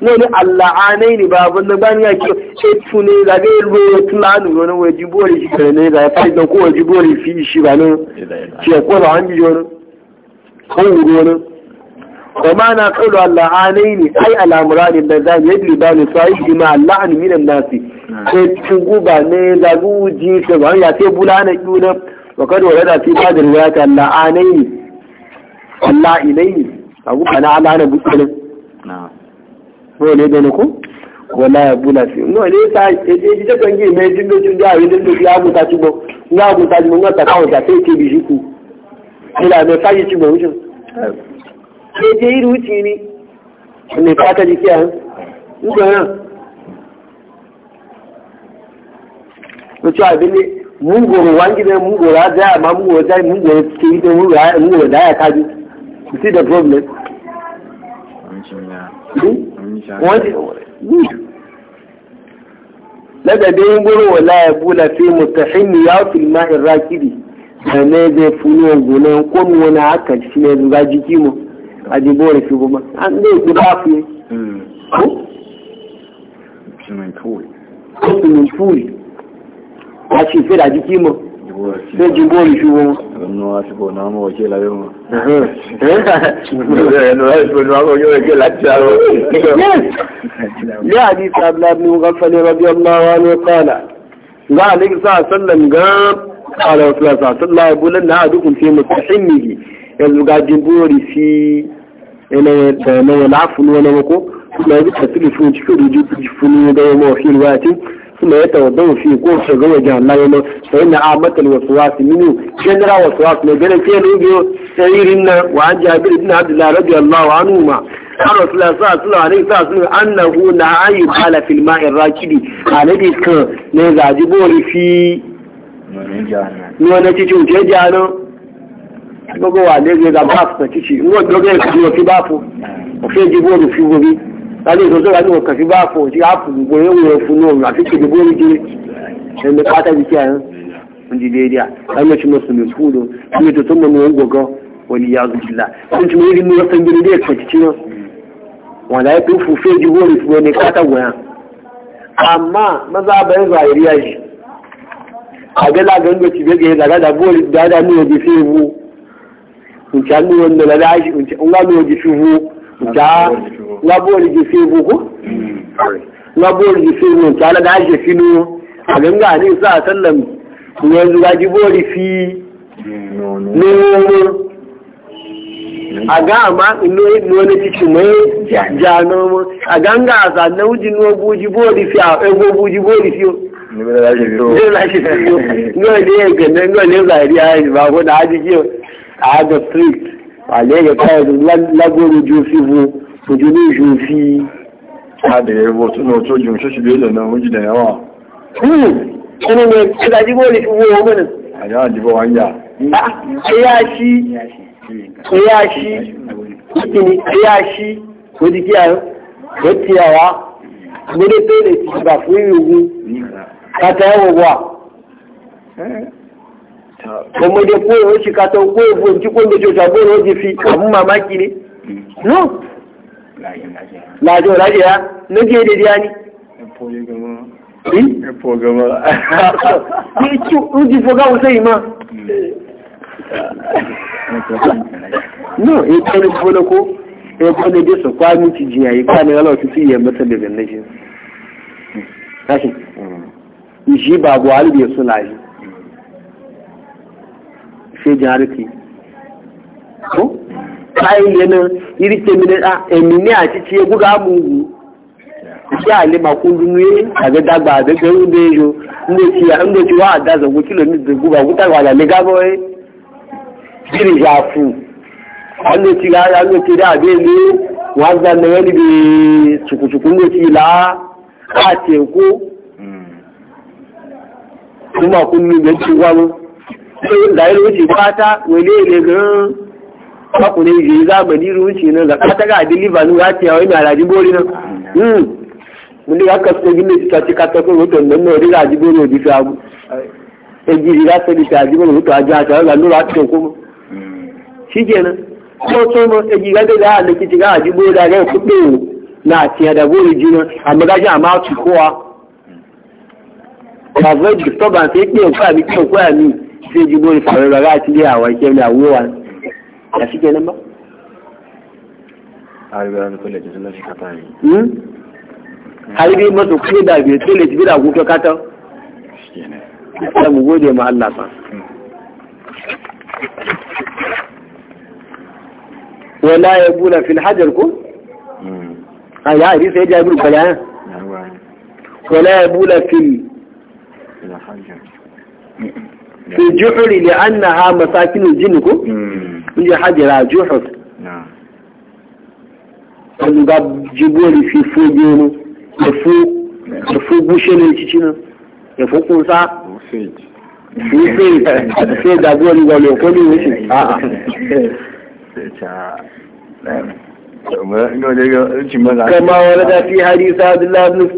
ne ne alla'anai ne babun na bani yake ce tune da ga yirgo ya tula an wani waje bori shi kare ne da ya fajina ko waje bori fi shi ba ne ce ko da an biyo ne ko wuri ne wa ma na allah alla'anai ne ai al'amurani da za mu yadda ba ne sai shi ma alla'an minan nasi ce tungu ba ne da guji ce ba ya ce bulana kiuna wa kad warada fi badr ya ta alla'anai ne Allah ilayhi abu kana ala na bukirin ko ne da ko wala ya bula fi no ne ta e ji ta kan gi me din do jin da yi ya bu ta ci bo ya bu ta ci mo ta ka ta sai ke bi shi ku ila ci bo je yi ni ne ka ta ji ko ci mun wangi mun da ma mun da mun da mun da ya You see the problem? Lakabin gurin wala ya bula fi mutahimmi ya fi ma'in rakidi da ne zai funi wa gunan komi wani haka shi ne zuga jiki mu a jibowar fi kuma an zai ku ba fi ko? Sumin turi. Ko sumin turi. Ya ce fi da lójú bóòlù sí wọn. ẹnu àsìkò náà mọ̀ ọ̀ṣẹ́ lábẹ́ wọn. ẹnu àsìkò náà mọ̀ ọ̀ṣẹ́ láti ara wọn. ní àdìsí abúlábí wọn kan fẹ́lẹ́ rọ́bí ọlọ́wọ́ ní kọ́ọ̀lá. ga alaihi sallam ga ala rasulullah sallallahu alaihi wasallam na dukun fi mutahimmihi yanzu ga jibori fi ina da na lafunu wani mako kuma yanzu tasiri fun cikin rujutu funu da yawa fi riwayatin kuma ya tawadau fi ko su ga wajen Allah yana sai na amatal waswas minu general waswas ne gane ke ne biyo sayirin na wa an jabir ibn abdullah radiyallahu anhu ma an rasulullah sallallahu alaihi wasallam annahu la ayu ala fil ma'i rakidi alabi kan ne zaji bori fi ni wani cici uce jano gbogbo wa ne ga ba su cici ngo doge ka ji o ba fu o fe ji bori fi gobi láti ìtọ́jú wa ní wọn kàn sí bá fò sí áàpù gbogbo yẹn fún náà àti kéde bóyá jẹ ẹni pátá bíi kí ń di déédé à láti ọtí mo sùn lè fún un ní ètò tó mọ ní wọn gbọgán wọn ni yàgò jìlá wọn ti mú rí mú ọsẹ gbére dé ẹkọ títí náà wọn láyé tó fò fẹ́ ju wọ́ọ̀rì fún ẹni pátá wọ̀ yàn àmà mọ́tà abẹ́rẹ́ lọ àìrí àyè àbẹ́lágẹ́ ń gbèsè gbẹ́gẹ́ dàgádà bóòlì dáadáa ní òbí fi wú ǹjẹ́ àánú wọn nọ̀ lọ́dá ǹjẹ́ òun wà ní òbí fi wú. ja labori ji fi buku labori ji fi mun ta laga ji fi nu a ni ne sallam yanzu ga ji boli fi nono a ga ma ino ino ne ciki mai jano mu a ganga a sannan uji no buji boli fi a ego buji bori fi ne no ne ga ne no ne zari a ba ko da haji ki a ga street àlẹ́ yẹ káyọ̀ lágbóru ju fífo ojú ní ìṣù fi adẹ̀rẹ̀ wọ tó náà tó jùm ṣóṣù lélẹ̀ náà ó jìnà yàwó hmm, ẹni ni ẹ̀kẹ́ta dígbò lè fi wo ọgbọ̀n náà àyà àdìbò wá ń yà ah, ẹ̀yà sí ẹ̀yà sí ìkìní ẹ̀yà sí òdìkí àrùn ó ti àwá gbọ́dọ̀ tó lè ti gbà fún Kou mwen de kou yon si kato kou yon voun, ki kou mwen de yo sa bon yon de fi, kabou mama ki li. Nou? Laje, laje. Laje, laje ya? Nou diye de diya ni? E pou genman. E pou genman. Di yon di foga ou se iman? Nou, yon kou de di foga yon kou, yon kou de de sou, kwa yon mouti diya yon, kwa yon alo ki si yon mouti beben, laje. Kashi? Yon ji babou alo de yon sou laje. Yon. sai jariki ko kayan yana iri temine a emine a cici ya guga mugu ya ale makundu ne a ga dagba da garu da yajo inda ci ya inda ci wa a da zango kilomita da guba guta wa da lega boye jiri ya fu inda ci ga ya inda ci da abe ne wanda na yani bi cuku-cuku inda ci la a teku kuma kunnu da ci gwamnati zai wuce fata wani ne gan kwakunan yi zamani ruci nan zaka ta ga diliba nu ya ce wai mai bori nan hmm. mun da aka so gine ta ci ka ta ko to nan no riga ji bori ji fa mu e ji riga ta di e ji ga da da ki ga ji bori da ga kudu na ci da bori ji nan amma ga zai ji gori kawai ba za a ci biya wa ke da wuwa da shi kenan ba hmm? harbi masu kuma da bai tsele ci bida kuka kata sai mu gode ma Allah sa wala ya bula fil hajar ko hmm. a ah, ya hadisa ya jabi bayanan eh? wala ya bula fil في جحر لأنها مساكن الجن كو من حجر جحر فنقاب جبولي في فوجين يفوق يفوق بوشين يتشينا يفو كنسا وفيج في دابولي قولي وقولي وشي اه كما ورد في حديث عبد الله بن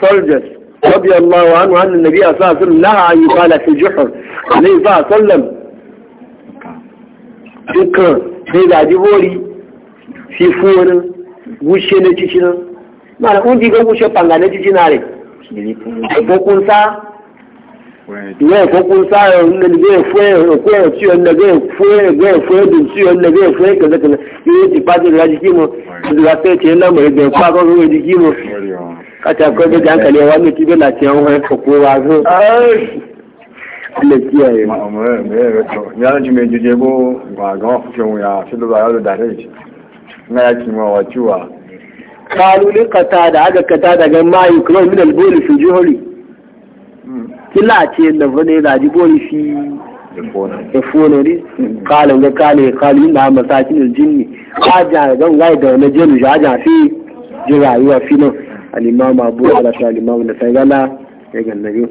سولجر رضي الله عنه أن النبي صلى الله عليه وسلم نهى أن يقال في الجحر عليه الصلاة والسلام dukkan sai da jibori fi fuwanin gushe na cikina mana kun diga gushe fanga na cikina ne ko kun sa ne ko kun sa ya ne ga fuwe ko ya ci on ne ga fuwe ga fuwe din ci on ne ga fuwe kaza kaza yi ti fadi da jiki mu da sai ce na mai da fa ko ga jiki mu kata ko da hankali ya wani kibe na ce wani ka wa zo Allah kiyaye mu amma me ya to ya ji me jeje go ba ga fitin ya shi da ya da dare shi na ya ki kima wa ciwa qalu li qatada aga qatada ga ma yukro min al bol fi juhri hmm. kila ce da vane da ji bol fi da fonari qalu ga kale qalu inna masakin al jinni aja ga ga da na jinu aja fi ji rayuwa fi no alimama abu da rasu alimama da tagala ya gannabi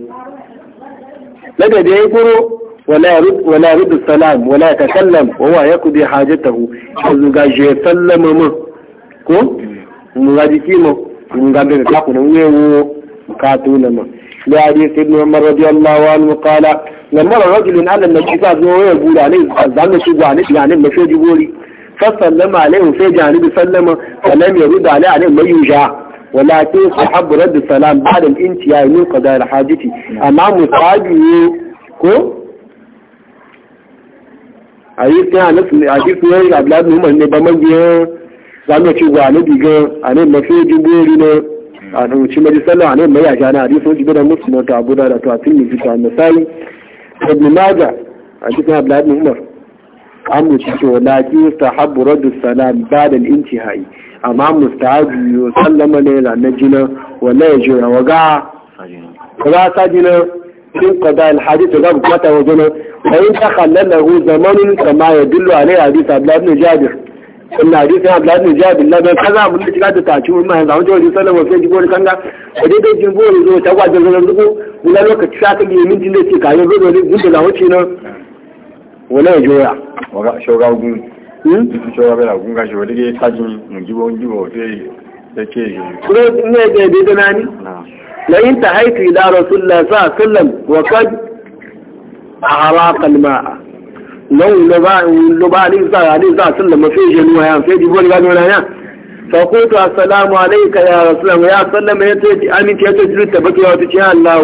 daga da ya kuro wala rudu salam wala ka sallam wawa ya kudi hajjatahu ya zuga je sallama mu ko mu ga jiki mu mu ga da ta kuma mu yawo ka tuna mu ya hadi sayyidina umar radiyallahu anhu qala lamma rajulun ala annabi fa zo ya gura ne zanga shi gwa ne ga ne mu sai ji gori fa sallama alaihi sai janibi sallama alam yaru da alaihi mai yusha walakin sahabu rabbi salam ba da inci ya yi ka da hajjiti amma mu ne ko a yi ta hannun a shi suwa yi abdullahi umar ne ba magiya zamu ci gwa na diga a nan mafi jibori na a rubuci majalisar a nan mai yasha na hadisun jibi da musulman ta abu da ta tun mai jika nasari ibn maja a cikin abdullahi umar an mu ci ce walakin sahabu salam ba da inci hayi amma mustahabi yo sallama ne la na jina wala ya jira waga kuma ta jina sun kada alhadith ga bukata wa jina wa in ta khallala hu zamanun kama ya dillu alai hadith abdullah ibn jabir in hadith abdullah ibn jabir la ba kaza mun ci da ta ci mun ma zama jawi sallama sai jibo kanga ko dai dai jibo zo ta gwa da zan rubu lokaci sa ka yi min jin da ce kayan zo da gudu da wuce nan wala ya jira waga gudu cewa bela kun gashi wani ke tajin mujibo mujibo sai da ke yi kuma ne da yadda da nani layin ta haitu ila rasulullah sa sallam wa kad ahara kalma'a nan lo ba lo ba ni sa ali sa sallam sai je nuwa ya sai jibo ga nuna ya sallama ya ce amin ya ce tabbata ya ce Allah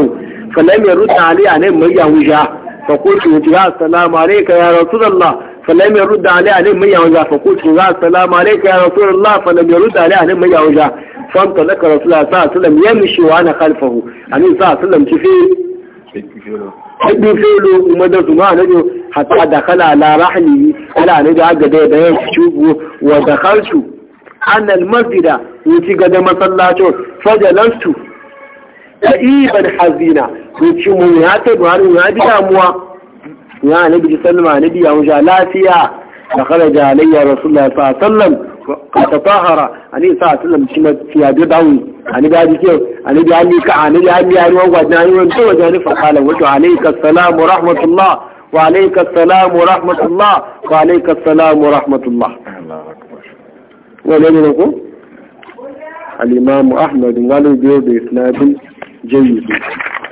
fa lam yurta ali anai mai ya wuja fa ya assalamu alayka ya rasulullah فلم يرد عليه عليه من يوجه فقلت له السلام عليك يا رسول الله فلم يرد عليه عليه من يوجه فانطلق رسول الله صلى الله عليه وسلم يمشي وانا خلفه عليه صلى الله عليه وسلم شفيه حد فعله ومدرسه ما نجو حتى دخل على رحلي على نجو عقد بيان شوفه ودخلت أن المسجد وتي قد مصلاته فجلست تقيبا حزينا وتي منياته بهارو هذه أمواه ya annabi sallama annabi ya wuce lafiya da kharaja alayya rasulullahi sallallahu alaihi wasallam ka tatahara ani sa sallam shi ma ya da dawo ani da ji ke ani da ni ka ani da ni ani wa gwadan ani wa to wajen fa kala wa alayka assalamu rahmatullah wa alayka assalamu rahmatullah wa alayka assalamu rahmatullah Allahu akbar wa ne ko al-imam ahmad ngalo biyo da isnadin jayyid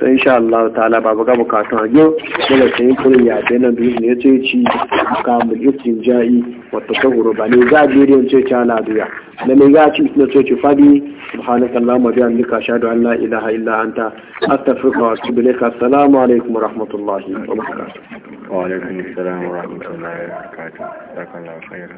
to insha Allah ta ala ba ga bukatun a yau daga sai kurin ya nan biyu ne ce ci ka mu yukin ja'i wata ta huru ba ne za a bidiyon ce ta duya da ne ga ci na ce ci fadi subhanaka allahumma bi annaka ashhadu an la ilaha illa anta astaghfiruka wa atubu ilaika assalamu alaikum wa rahmatullahi wa barakatuh wa alaikum assalam wa rahmatullahi wa barakatuh